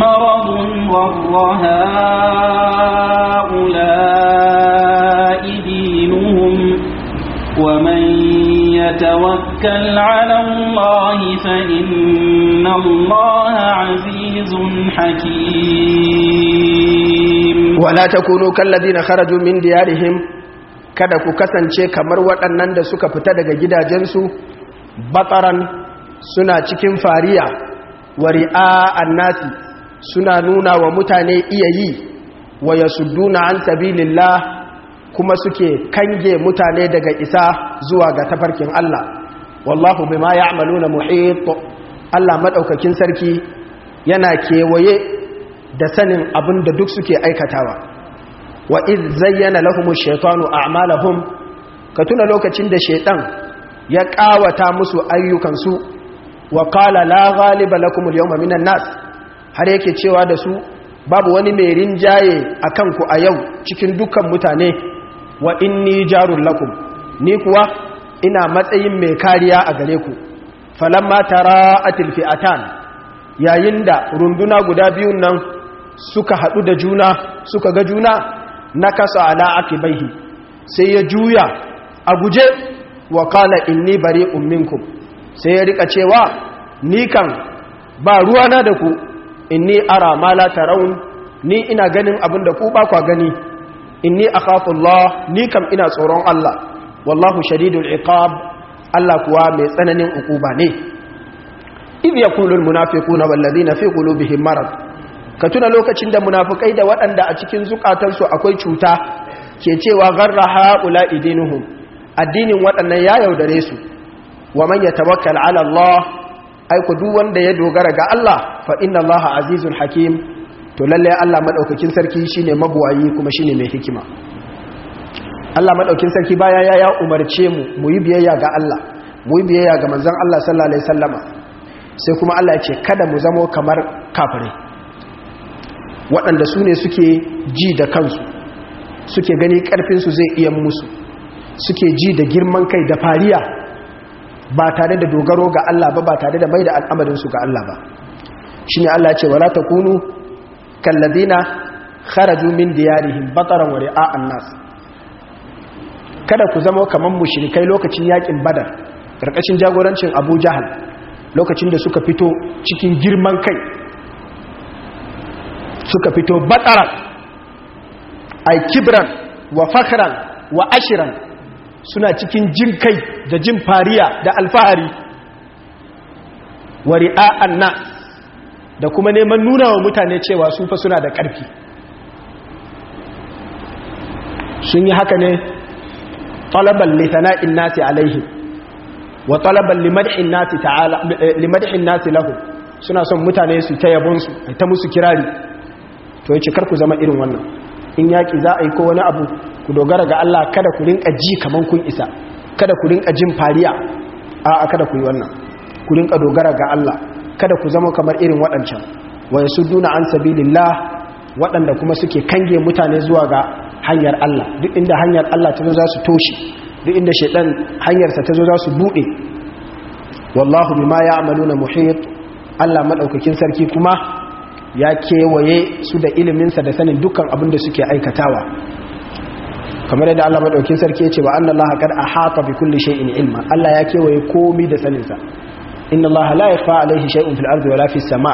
مرض غر هؤلاء دينهم ومن يتوكل على الله فإن الله عزيز حكيم ولا تكونوا كالذين خرجوا من ديارهم kada ku kasance kamar waɗannan da suka fita daga gidajensu bataran suna cikin fariya wari'a annasi suna nuna wa mutane iya yi wa yasudduna an sabilillah kuma suke kange mutane daga isa zuwa ga tafarkin Allah wallahu bima ya'maluna muhit Allah madaukakin sarki yana kewaye da sanin abin da duk suke aikatawa wa iz zayyana lahumu shaytanu a'malahum ka tuna lokacin da shaytan ya kawata musu ayyukansu wa qala la ghaliba lakum al-yawma minan nas har yake cewa da su babu wani mai rinjaye akan ku a yau cikin dukkan mutane wa inni jarun lakum ni kuwa ina matsayin mai kariya a gare ku falamma tara atil fi'atan yayin da runduna guda biyun nan suka haɗu da juna suka ga juna na kasa ala akibaihi sai ya juya a guje wa qala inni bari minkum sai ya rika cewa ni kan ba ruwana da ku inni ara ma la tarawun ni ina ganin abin da ku ba kwa gani inni a Allah ni kam ina tsoron Allah wallahu shadidul iqab Allah kuwa mai tsananin ukuba ne idh yaqulu munafiku munafiquna wal ladina fi qulubihim marad ka tuna lokacin da munafikai da waɗanda a cikin zukatansu akwai cuta ke cewa gharra haula idinuhum addinin waɗannan ya yaudare su wa man yatawakkal ala Allah ai ku duk wanda ya dogara ga Allah fa inna Allah azizul hakim to lallai Allah madaukakin sarki shine mabuwayi kuma shine mai hikima Allah madaukakin sarki baya ya ya umarce mu mu yi biyayya ga Allah mu yi biyayya ga manzon Allah sallallahu alaihi wasallama sai kuma Allah ya ce kada mu zamo kamar kafirai waɗanda su ne suke ji da kansu suke gani karfin su zai iya musu suke ji da girman kai da fariya ba tare da dogaro ga Allah ba ba tare da mai da al'amarin ga Allah ba shine Allah ya ce wala takunu kalladina kharaju min diyarihim bataran wa ri'a'an nas kada ku zama kaman mushrikai lokacin yakin badar karkashin jagorancin Abu Jahal lokacin da suka fito cikin girman kai suka fito bataran ay kibran wa fakhran wa ashiran suna cikin jin kai da jin fariya da alfahari wa ri'a'an nas da kuma neman nuna wa mutane cewa su fa suna da ƙarfi sun yi haka ne litana in nasi alaihi wa talabar limadhin nasi lahu suna son mutane su ta yabonsu a ta musu kirari to yi cikar ku zama irin wannan in yaƙi za a yi ko wani abu ku dogara ga Allah kada ku rinka ji kaman kun isa kada ku rinka jin fariya a kada ku yi wannan ku rinka dogara ga Allah kada ku zama kamar irin waɗancan wa suduna an sabilillah waɗanda kuma suke kange mutane zuwa ga hanyar Allah duk inda hanyar Allah ta zo za su toshe duk inda shaidan hanyarsa ta zo za su buɗe wallahu bima ya'maluna muhit Allah madaukakin sarki kuma ya kewaye su da iliminsa da sanin dukkan abin da suke aikatawa kamar yadda Allah madaukakin sarki ya ce wa annallaha qad ahata bi kulli shay'in ilma Allah ya kewaye komai da sanin sa inna allaha la yakhfa alaihi shay'un fil ardi wala fis sama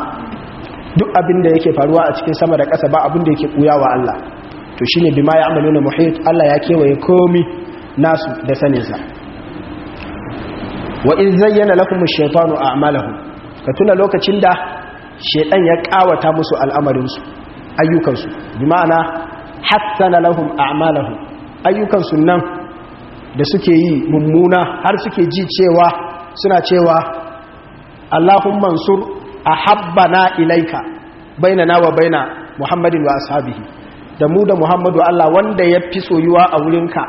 duk abinda da yake faruwa a cikin sama da ƙasa ba abin da yake kuyawa Allah to shine bima ya amalu na muhit Allah ya kewaye komi nasu da saninsa wa in zayyana lakum ash-shaytanu a'malahum ka tuna lokacin da shaytan ya kawata musu al'amarinsu ayyukansu. ayyukan su bi ma'ana hassana lahum a'malahum ayyukan nan da suke yi mummuna har suke ji cewa suna cewa Allahumma انصر احبنا ilaika بيننا wa baina Muhammadin wa ashabihi da mu da Muhammadu Allah wanda ya fi soyuwa a wurinka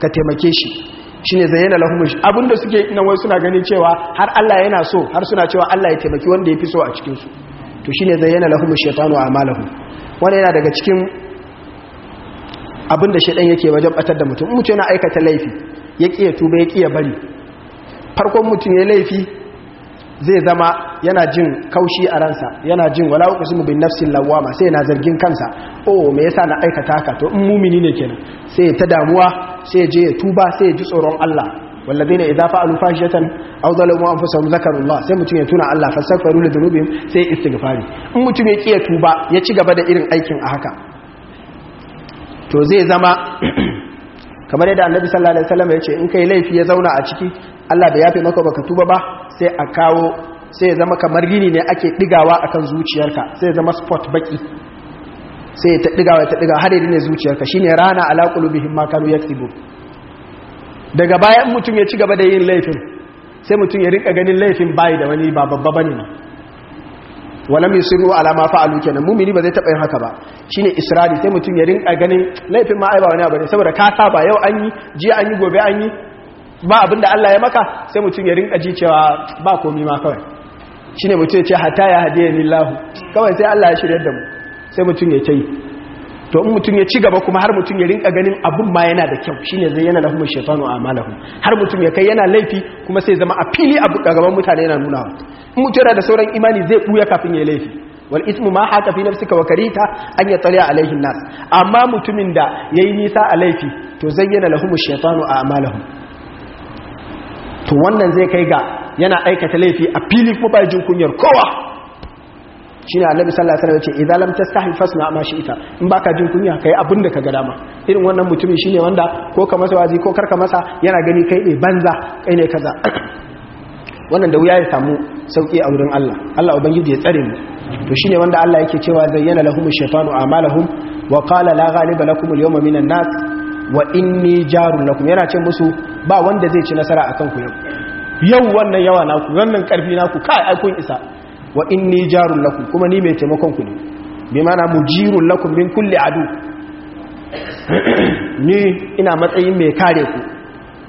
ka taimake shi shine zayyana lahum abinda suke nan wai suna ganin cewa har Allah yana so har suna cewa Allah ya taimaki wanda ya fi so a cikin su to shine zayyana lahum shaytanu a'malahum wannan yana daga cikin abinda shaytan yake wajen batar da mutum mutum yana aikata laifi ya ƙiya tuba ya ƙiya bari farkon mutum ya laifi zai zama yana jin kaushi a ransa yana jin wala uqsimu bin nafsil lawama sai yana zargin kansa o oh, me yasa na aikata haka to in mumini ne kenan sai ta damuwa sai je ya tuba sai ya ji tsoron Allah ne idza fa'alu fashatan aw zalamu anfusahum zakarullah sai mutum ya tuna Allah fastaghfiru li dhunubihim sai istighfari in mutum ya kiya tuba ya ci gaba da irin aikin a haka to zai zama kamar yadda annabi sallallahu alaihi wasallam ya ce in kai laifi ya zauna a ciki Allah bai yafe maka baka tuba ba sai a kawo sai ya zama kamar gini ne ake digawa akan zuciyarka sai ya zama spot baki sai ya ta digawa ta digawa har yadda ne zuciyarka shine rana ala qulubihim ma kanu yaktubu daga bayan mutum ya ci gaba da yin laifin sai mutum ya rika ganin laifin bai da wani ba babba bane ne wala min sirru ala ma fa'alu kenan mumini ba zai taba yin haka ba shine israri sai mutum ya rinka ganin laifin ma ai ba wani abu ne saboda ka saba yau an yi ji an yi gobe an yi ba abin da Allah ya maka sai mutum ya rinka ji cewa ba komi ma kawai shi ne mutum ya ce hata ya hadiya lillahu kawai sai Allah ya shirya da mu sai mutum ya kai to in mutum ya ci gaba kuma har mutum ya rinka ganin abun ma yana da kyau shine zai yana lahum a amalahu har mutum ya kai yana laifi kuma sai zama a fili a gaban mutane yana nuna in mutum yana da sauran imani zai buya kafin ya laifi wal ismu ma haka fi nafsika wa karita an yattali alaihin nas amma mutumin da ya yi nisa a laifi to zayyana lahum a amalahum to wannan zai kai ga yana aikata laifi a fili kuma bai jin kunyar kowa shine annabi sallallahu alaihi wasallam ya ce idza lam tastahi fasna ma ita in baka jin kunya kai abin da ka ga dama irin wannan mutumin shine wanda ko ka masa wazi ko karka masa yana gani kai ne banza kai ne kaza wannan da wuya ya samu sauki a wurin Allah Allah ubangiji ya tsare mu to shine wanda Allah yake cewa zayyana lahumu shaytanu a'malahum wa qala la ghaliba lakum al-yawma minan nas wa inni jarun lakum yana ce musu ba wanda zai ci nasara akan ku yau yau wannan yawa naku wannan karfi naku kai ai kun isa wa inni jarun lakum kuma ni mai taimakon ku ne bi mana mujirun lakum min kulli adu ni ina matsayin mai kare ku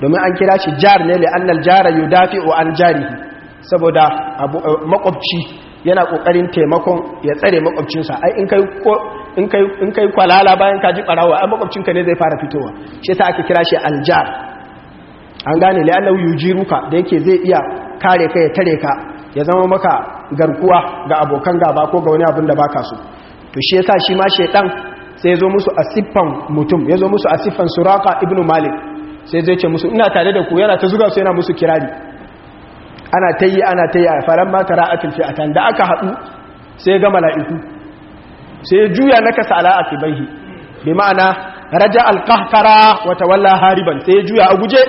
domin an kira shi jar ne li annal jara yudafi'u an jarihi saboda eh, makwabci yana kokarin taimakon ya tsare makwabcinsa ai in kai in kai kwalala bayan kaji ji barawa an makwabcinka ne zai fara fitowa shi ta ake kira shi aljar an gane li annahu yujiruka da yake zai iya kare ka ya tare ka ya zama maka garkuwa ga abokan gaba ko ga wani abin da baka so to shi yasa shi ma shedan sai ya zo musu a siffan mutum ya zo musu a siffan suraka Ibn malik sai zai ce musu ina tare da ku yana ta zuga su yana musu kirari ana ta yi ana ta yi a faran ma tara a filfi a tan da aka haɗu sai gama mala'iku sai ya juya na kasa ala akibaihi bi ma'ana raja alkahkara wata walla hariban sai ya juya a guje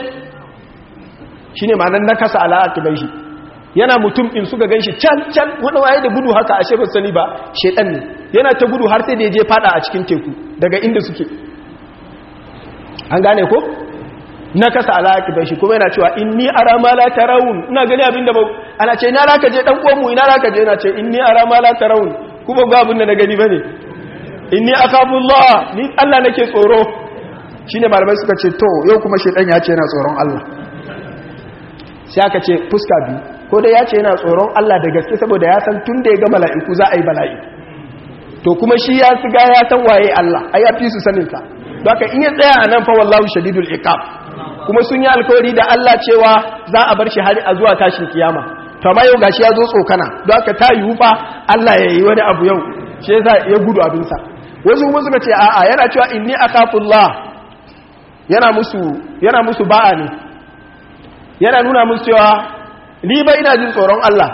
shine ma'anar na kasa ala akibaihi yana mutum in suka ganshi can can wani waye da gudu haka ashe ba sani ba shaidan ne yana ta gudu har sai da ya je fada a cikin teku daga inda suke an gane ko na kasa ke bai shi kuma yana cewa in ni a ramala ta raun ina gani abin da ba ana ce ina raka je ɗan ƙomu ina raka je Ina ce in ni a ramala ta raun kuma ba abin da na gani bane inni akabullah ni Allah nake tsoro shine malamai suka ce to yau kuma shedan ya ce yana tsoron Allah sai aka ce fuska bi ko dai ya ce yana tsoron Allah da gaske saboda ya san tun da ya ga mala'iku za a yi bala'i to kuma shi ya siga ya san waye Allah ai ya fi su sanin sa don haka in ya tsaya a nan fa wallahi shadidul iqab kuma sun yi alkawari da Allah cewa za a bar shi har a zuwa tashin kiyama ta amma yau gashi ya zo tsokana don aka ta yi hufa, Allah ya yi wani abu yau shi yasa ya gudu abinsa wasu kuma suka ce a'a yana cewa inni akhafullah yana musu yana musu ba'a ne yana nuna musu cewa ni ba ina jin tsoron Allah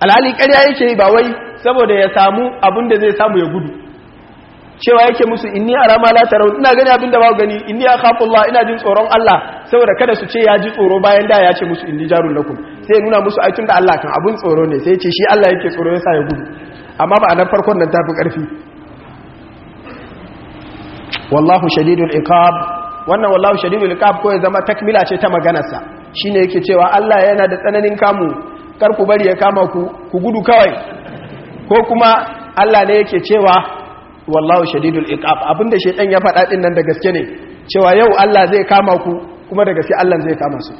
alhali karya yake ba wai saboda ya samu abin da zai samu ya gudu cewa yake musu inni ara ma la tarawun ina gani abinda ba gani inni kafin la ina jin tsoron Allah saboda kada su ce ya ji tsoro bayan da ya ce musu inni jarul lakum sai nuna musu aikin da Allah kan abun tsoro ne sai ce shi Allah yake tsoro yasa ya gudu amma ba a nan farkon nan tafi karfi wallahu shadidul iqab wannan wallahu shadidul iqab ko ya zama takmila ce ta maganarsa shine yake cewa Allah yana da tsananin kamu kar ku bari ya kama ku ku gudu kawai ko kuma Allah ne yake cewa wallahu shadidul iqab da shedan ya faɗa din nan da gaske ne cewa yau Allah zai kama ku kuma da gaske Allah zai kama su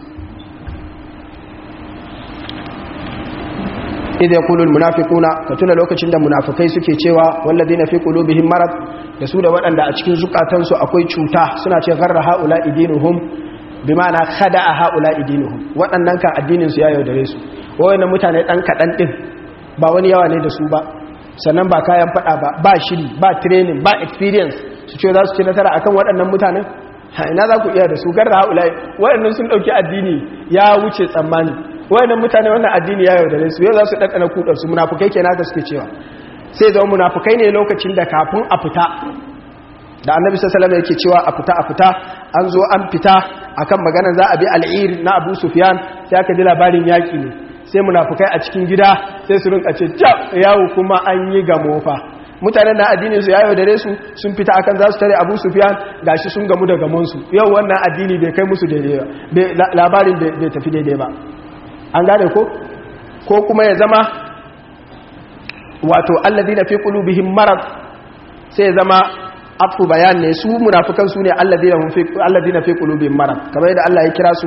idan kulul munafiquna ka tuna lokacin da munafikai suke cewa walladina fi qulubihim marad da su da waɗanda a cikin zukatansu akwai cuta suna ce garra haula idinuhum bima na khada'a haula idinuhum waɗannan kan addinin su ya yaudare su wayannan mutane dan kadan din ba wani yawa ne da su ba sannan ba kayan fada ba ba shiri ba training ba experience su ce za su ce nasara akan waɗannan mutanen ina za ku iya da su garra haulai waɗannan sun ɗauki addini ya wuce tsammani waɗannan mutane wannan addini ya yaudare su yau za su ɗanɗana kuɗar su munafukai kenan da suke cewa sai zama munafukai ne lokacin da kafin a fita da annabi sallallahu alaihi yake cewa a fita a fita an zo an fita akan magana za a bi al'ir na Abu Sufyan sai aka ji labarin yaki ne sai munafukai a cikin gida sai su rinka ce yawo kuma an yi gamo fa mutanen na addinin su yayo dare su sun fita akan za su tare Abu ga gashi sun gamu da gamonsu. yau wannan addini bai kai musu daidai ba labarin bai tafi daidai ba an gane ko ko kuma ya zama wato na fi qulubihim marad sai ya zama afu bayan ne su munafukan su ne na fi qulubihim marad kamar yadda Allah ya kira su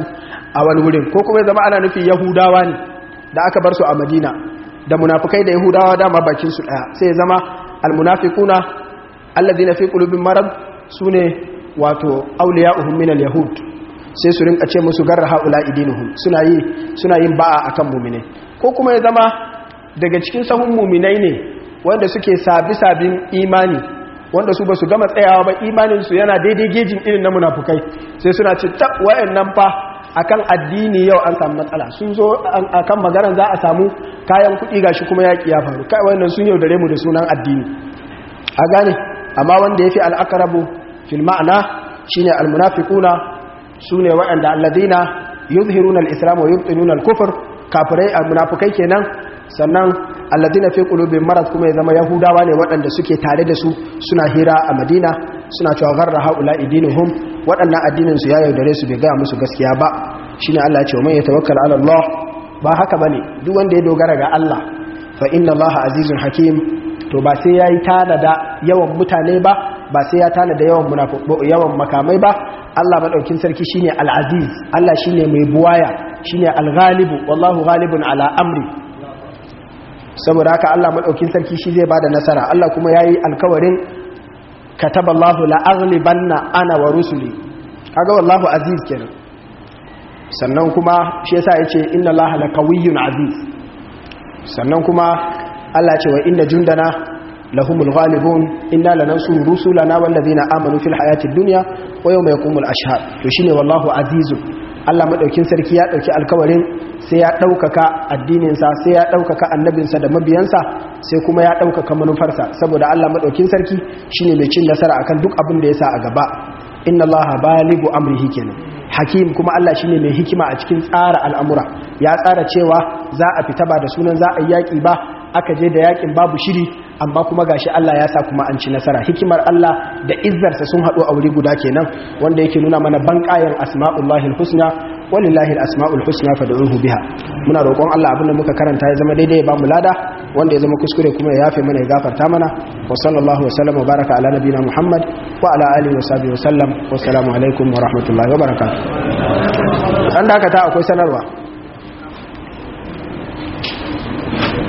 a wani wurin ko kuma ya zama ana nufin yahudawa ne da aka bar su a madina da munafukai da yahudawa dama bakin su daya sai ya zama almunafiquna alladhina fi marar marad sune wato awliya'uhum min yahud sai su rinka ce musu garra haula idinuhum suna yi suna yin ba'a akan mu'mine ko kuma ya zama daga cikin sahun mu'minai ne wanda suke sabi sabin imani wanda su basu gama tsayawa ba imaninsu yana daidai gejin irin na munafukai sai suna ce ta wayannan fa akan addini yau an samu matsala sun zo akan magana za a samu kayan kuɗi shi kuma yaƙi ya faru kai wannan sun yaudare mu da sunan addini a gane amma wanda ya fi al'akarabu fil ma'ana shine su ne wa'anda alladina yuzhiru na al'islamu wa yubtinuna na kufr kafirai almunafikai kenan sannan alladina fi qulubihim maras kuma ya zama yahudawa ne waɗanda suke tare da su suna hira a madina suna cewa gharra haula idinuhum waɗannan addinin su ya yaudare su bai gaya musu gaskiya ba shi ne Allah ya ce man yatawakkal ala Allah ba haka bane duk wanda ya dogara ga Allah fa inna Allah azizun hakim to ba sai ya yi tanada yawan mutane ba ba sai ya tanada yawan yawan makamai ba Allah maɗaukin sarki shi ne alaziz Allah shi ne mai buwaya shi ne ghalibu wallahu ghalibun ala saboda haka Allah maɗaukin sarki shi zai ba da nasara Allah kuma ya yi alkawarin kataba Allahu la ana wa rusuli kaga wallahu aziz kenan sannan kuma shi yasa yace inna Allaha lakawiyyun aziz sannan kuma Allah ce wa inna jundana lahumul ghalibun inna lanansuru rusulana wal ladina amanu fil hayatid dunya wa yawma yaqumul ashhad to shine wallahu azizun Allah madaukin sarki ya dauki alkawarin sai ya daukaka addininsa sai ya daukaka annabinsa da mabiyansa sai kuma ya daukaka manufarsa saboda Allah madaukin sarki shine mai cin nasara akan duk abin da ya sa a gaba inna Allah baligu amrihi kenan hakim kuma Allah shine mai hikima a cikin tsara al'amura ya tsara cewa za a fita ba da sunan za a yi yaki ba aka je da yakin babu shiri amma kuma gashi Allah ya sa kuma an ci nasara hikimar Allah da izzarsa sun haɗu a wuri guda kenan wanda yake nuna mana banƙayen asma'ullahi husna walillahi asma'ul husna fad'uhu biha muna roƙon Allah abin da muka karanta ya zama daidai ya bamu lada wanda ya zama kuskure kuma ya yafe mana ya gafarta mana wa sallallahu wa sallama baraka ala nabina muhammad wa ala alihi wa sahbihi wa sallam wa alaikum wa rahmatullahi wa barakatuh dan da aka ta akwai sanarwa